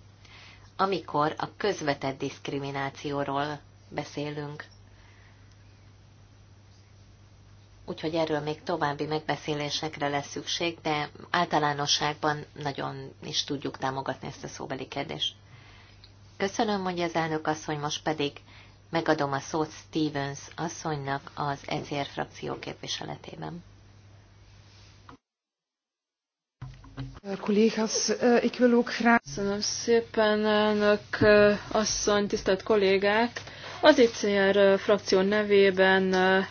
B: amikor a közvetett diszkriminációról beszélünk. úgyhogy erről még további megbeszélésekre lesz szükség, de általánosságban nagyon is tudjuk támogatni ezt a szóbeli kérdést. Köszönöm, mondja az elnök asszony, most pedig megadom a szót Stevens asszonynak az ECR frakció
C: képviseletében.
A: Colléga's,
C: eh, ik wil ook graag... Köszönöm szépen, elnök eh, asszony, tisztelt kollégák! Az ECR frakció nevében eh,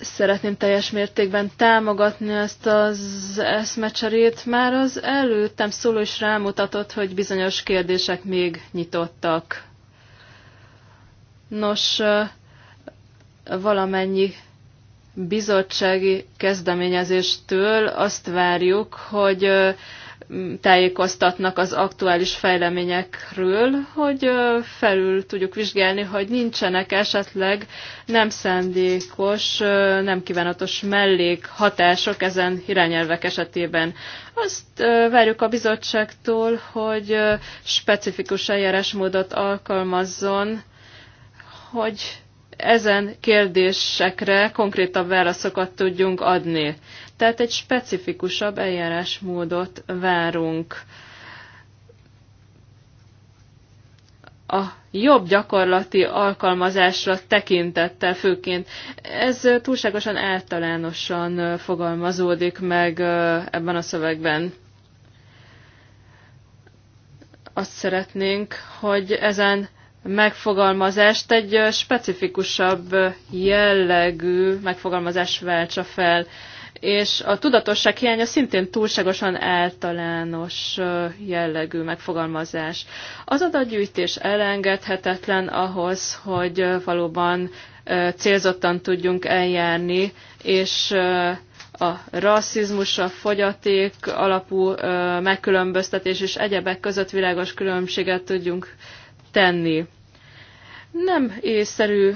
C: szeretném teljes mértékben támogatni ezt az eszmecserét. Már az előttem szóló is rámutatott, hogy bizonyos kérdések még nyitottak. Nos, valamennyi bizottsági kezdeményezéstől azt várjuk, hogy tájékoztatnak az aktuális fejleményekről, hogy felül tudjuk vizsgálni, hogy nincsenek esetleg nem szándékos, nem kívánatos mellékhatások ezen irányelvek esetében. Azt várjuk a bizottságtól, hogy specifikus eljárásmódot alkalmazzon, hogy ezen kérdésekre konkrétabb válaszokat tudjunk adni. Tehát egy specifikusabb eljárásmódot várunk. a jobb gyakorlati alkalmazásra tekintettel főként. Ez túlságosan általánosan fogalmazódik meg ebben a szövegben. Azt szeretnénk, hogy ezen megfogalmazást egy specifikusabb jellegű megfogalmazás váltsa fel és a tudatosság hiánya szintén túlságosan általános jellegű megfogalmazás. Az adatgyűjtés elengedhetetlen ahhoz, hogy valóban célzottan tudjunk eljárni, és a rasszizmus, a fogyaték alapú megkülönböztetés és egyebek között világos különbséget tudjunk tenni nem észszerű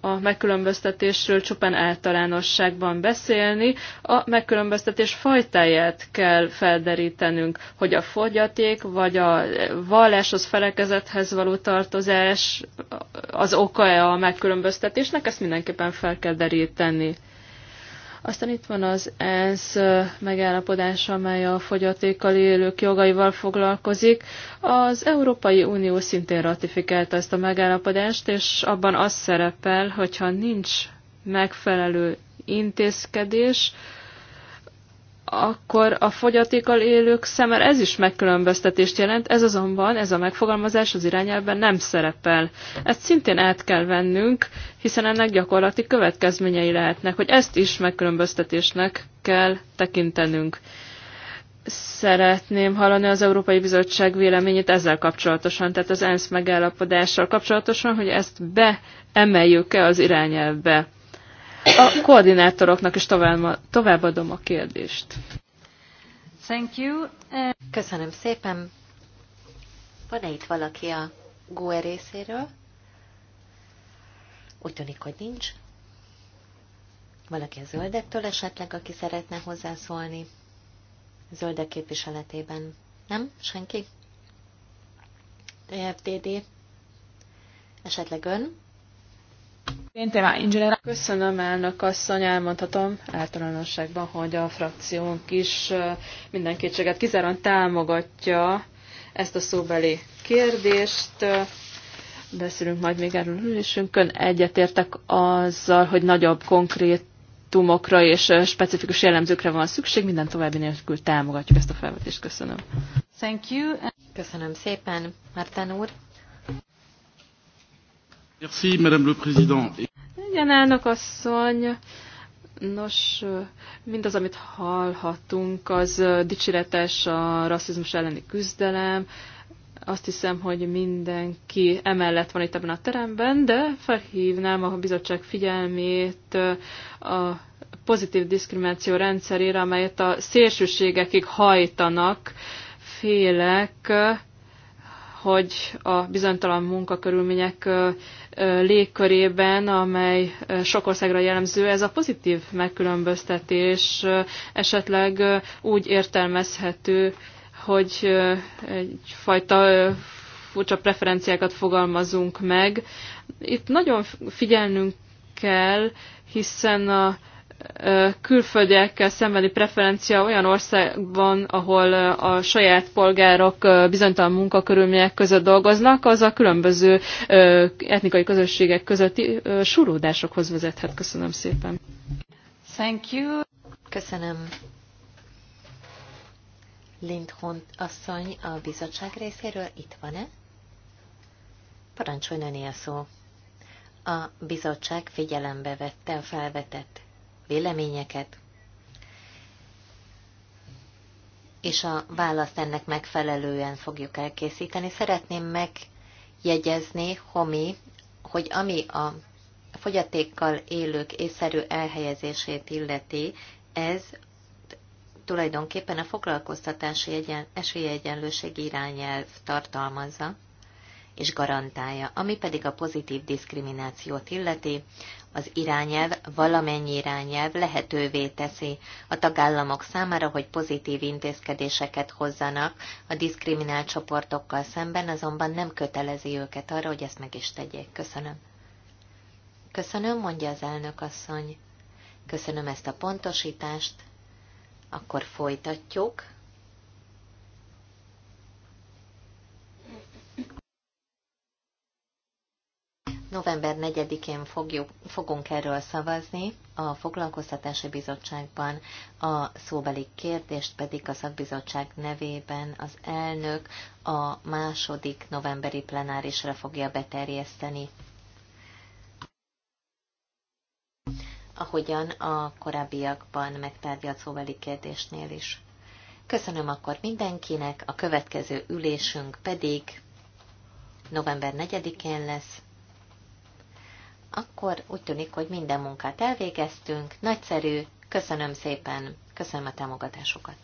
C: a megkülönböztetésről csupán általánosságban beszélni, a megkülönböztetés fajtáját kell felderítenünk, hogy a fogyaték vagy a valláshoz felekezethez való tartozás az oka-e a megkülönböztetésnek, ezt mindenképpen fel kell deríteni. Aztán itt van az ENSZ megállapodás, amely a fogyatékkal élők jogaival foglalkozik. Az Európai Unió szintén ratifikálta ezt a megállapodást, és abban az szerepel, hogyha nincs megfelelő intézkedés, akkor a fogyatékkal élők szemmel ez is megkülönböztetést jelent, ez azonban, ez a megfogalmazás az irányelben nem szerepel. Ezt szintén át kell vennünk, hiszen ennek gyakorlati következményei lehetnek, hogy ezt is megkülönböztetésnek kell tekintenünk. Szeretném hallani az Európai Bizottság véleményét ezzel kapcsolatosan, tehát az ENSZ megállapodással kapcsolatosan, hogy ezt beemeljük-e az irányelvbe a koordinátoroknak is továbbadom a kérdést.
B: Thank you. Köszönöm szépen. Van-e itt valaki a GUE részéről? Úgy tűnik, hogy nincs. Valaki a zöldektől esetleg, aki szeretne hozzászólni? Zöldek képviseletében. Nem? Senki? TFDD?
C: Esetleg ön? Köszönöm, elnök asszony, elmondhatom általánosságban, hogy a frakciónk is minden kétséget kizáróan támogatja ezt a szóbeli kérdést. Beszélünk majd még erről ülésünkön. Egyetértek azzal, hogy nagyobb konkrét és specifikus jellemzőkre van szükség, minden további nélkül támogatjuk ezt a felvetést. Köszönöm.
B: Thank you. Köszönöm szépen, Márten úr.
A: Merci, Madame le Président.
C: Igen, elnök asszony. Nos, mindaz, amit hallhatunk, az dicséretes a rasszizmus elleni küzdelem. Azt hiszem, hogy mindenki emellett van itt ebben a teremben, de felhívnám a bizottság figyelmét a pozitív diszkrimináció rendszerére, amelyet a szélsőségekig hajtanak. Félek, hogy a bizonytalan munkakörülmények légkörében, amely sok országra jellemző, ez a pozitív megkülönböztetés esetleg úgy értelmezhető, hogy egyfajta furcsa preferenciákat fogalmazunk meg. Itt nagyon figyelnünk kell, hiszen a külföldiekkel szembeni preferencia olyan országban, ahol a saját polgárok bizonytalan munkakörülmények között dolgoznak, az a különböző etnikai közösségek közötti súródásokhoz vezethet. Köszönöm szépen.
B: Thank you. Köszönöm. Lindhont asszony a bizottság részéről itt van-e? Parancsoljon a szó. A bizottság figyelembe vette a felvetett véleményeket, és a választ ennek megfelelően fogjuk elkészíteni. Szeretném megjegyezni, homi, hogy ami a fogyatékkal élők észszerű elhelyezését illeti, ez tulajdonképpen a foglalkoztatási egyen, esélyegyenlőség irányelv tartalmazza, és garantálja. Ami pedig a pozitív diszkriminációt illeti, az irányelv, valamennyi irányelv lehetővé teszi a tagállamok számára, hogy pozitív intézkedéseket hozzanak a diszkriminált csoportokkal szemben, azonban nem kötelezi őket arra, hogy ezt meg is tegyék. Köszönöm. Köszönöm, mondja az elnök asszony. Köszönöm ezt a pontosítást. Akkor folytatjuk. November 4-én fogjuk, fogunk erről szavazni a Foglalkoztatási Bizottságban, a szóbeli kérdést pedig a szakbizottság nevében az elnök a második novemberi plenárisra fogja beterjeszteni. ahogyan a korábbiakban megtárgyalt szóbeli kérdésnél is. Köszönöm akkor mindenkinek, a következő ülésünk pedig november 4-én lesz, akkor úgy tűnik, hogy minden munkát elvégeztünk. Nagyszerű, köszönöm szépen, köszönöm a támogatásokat.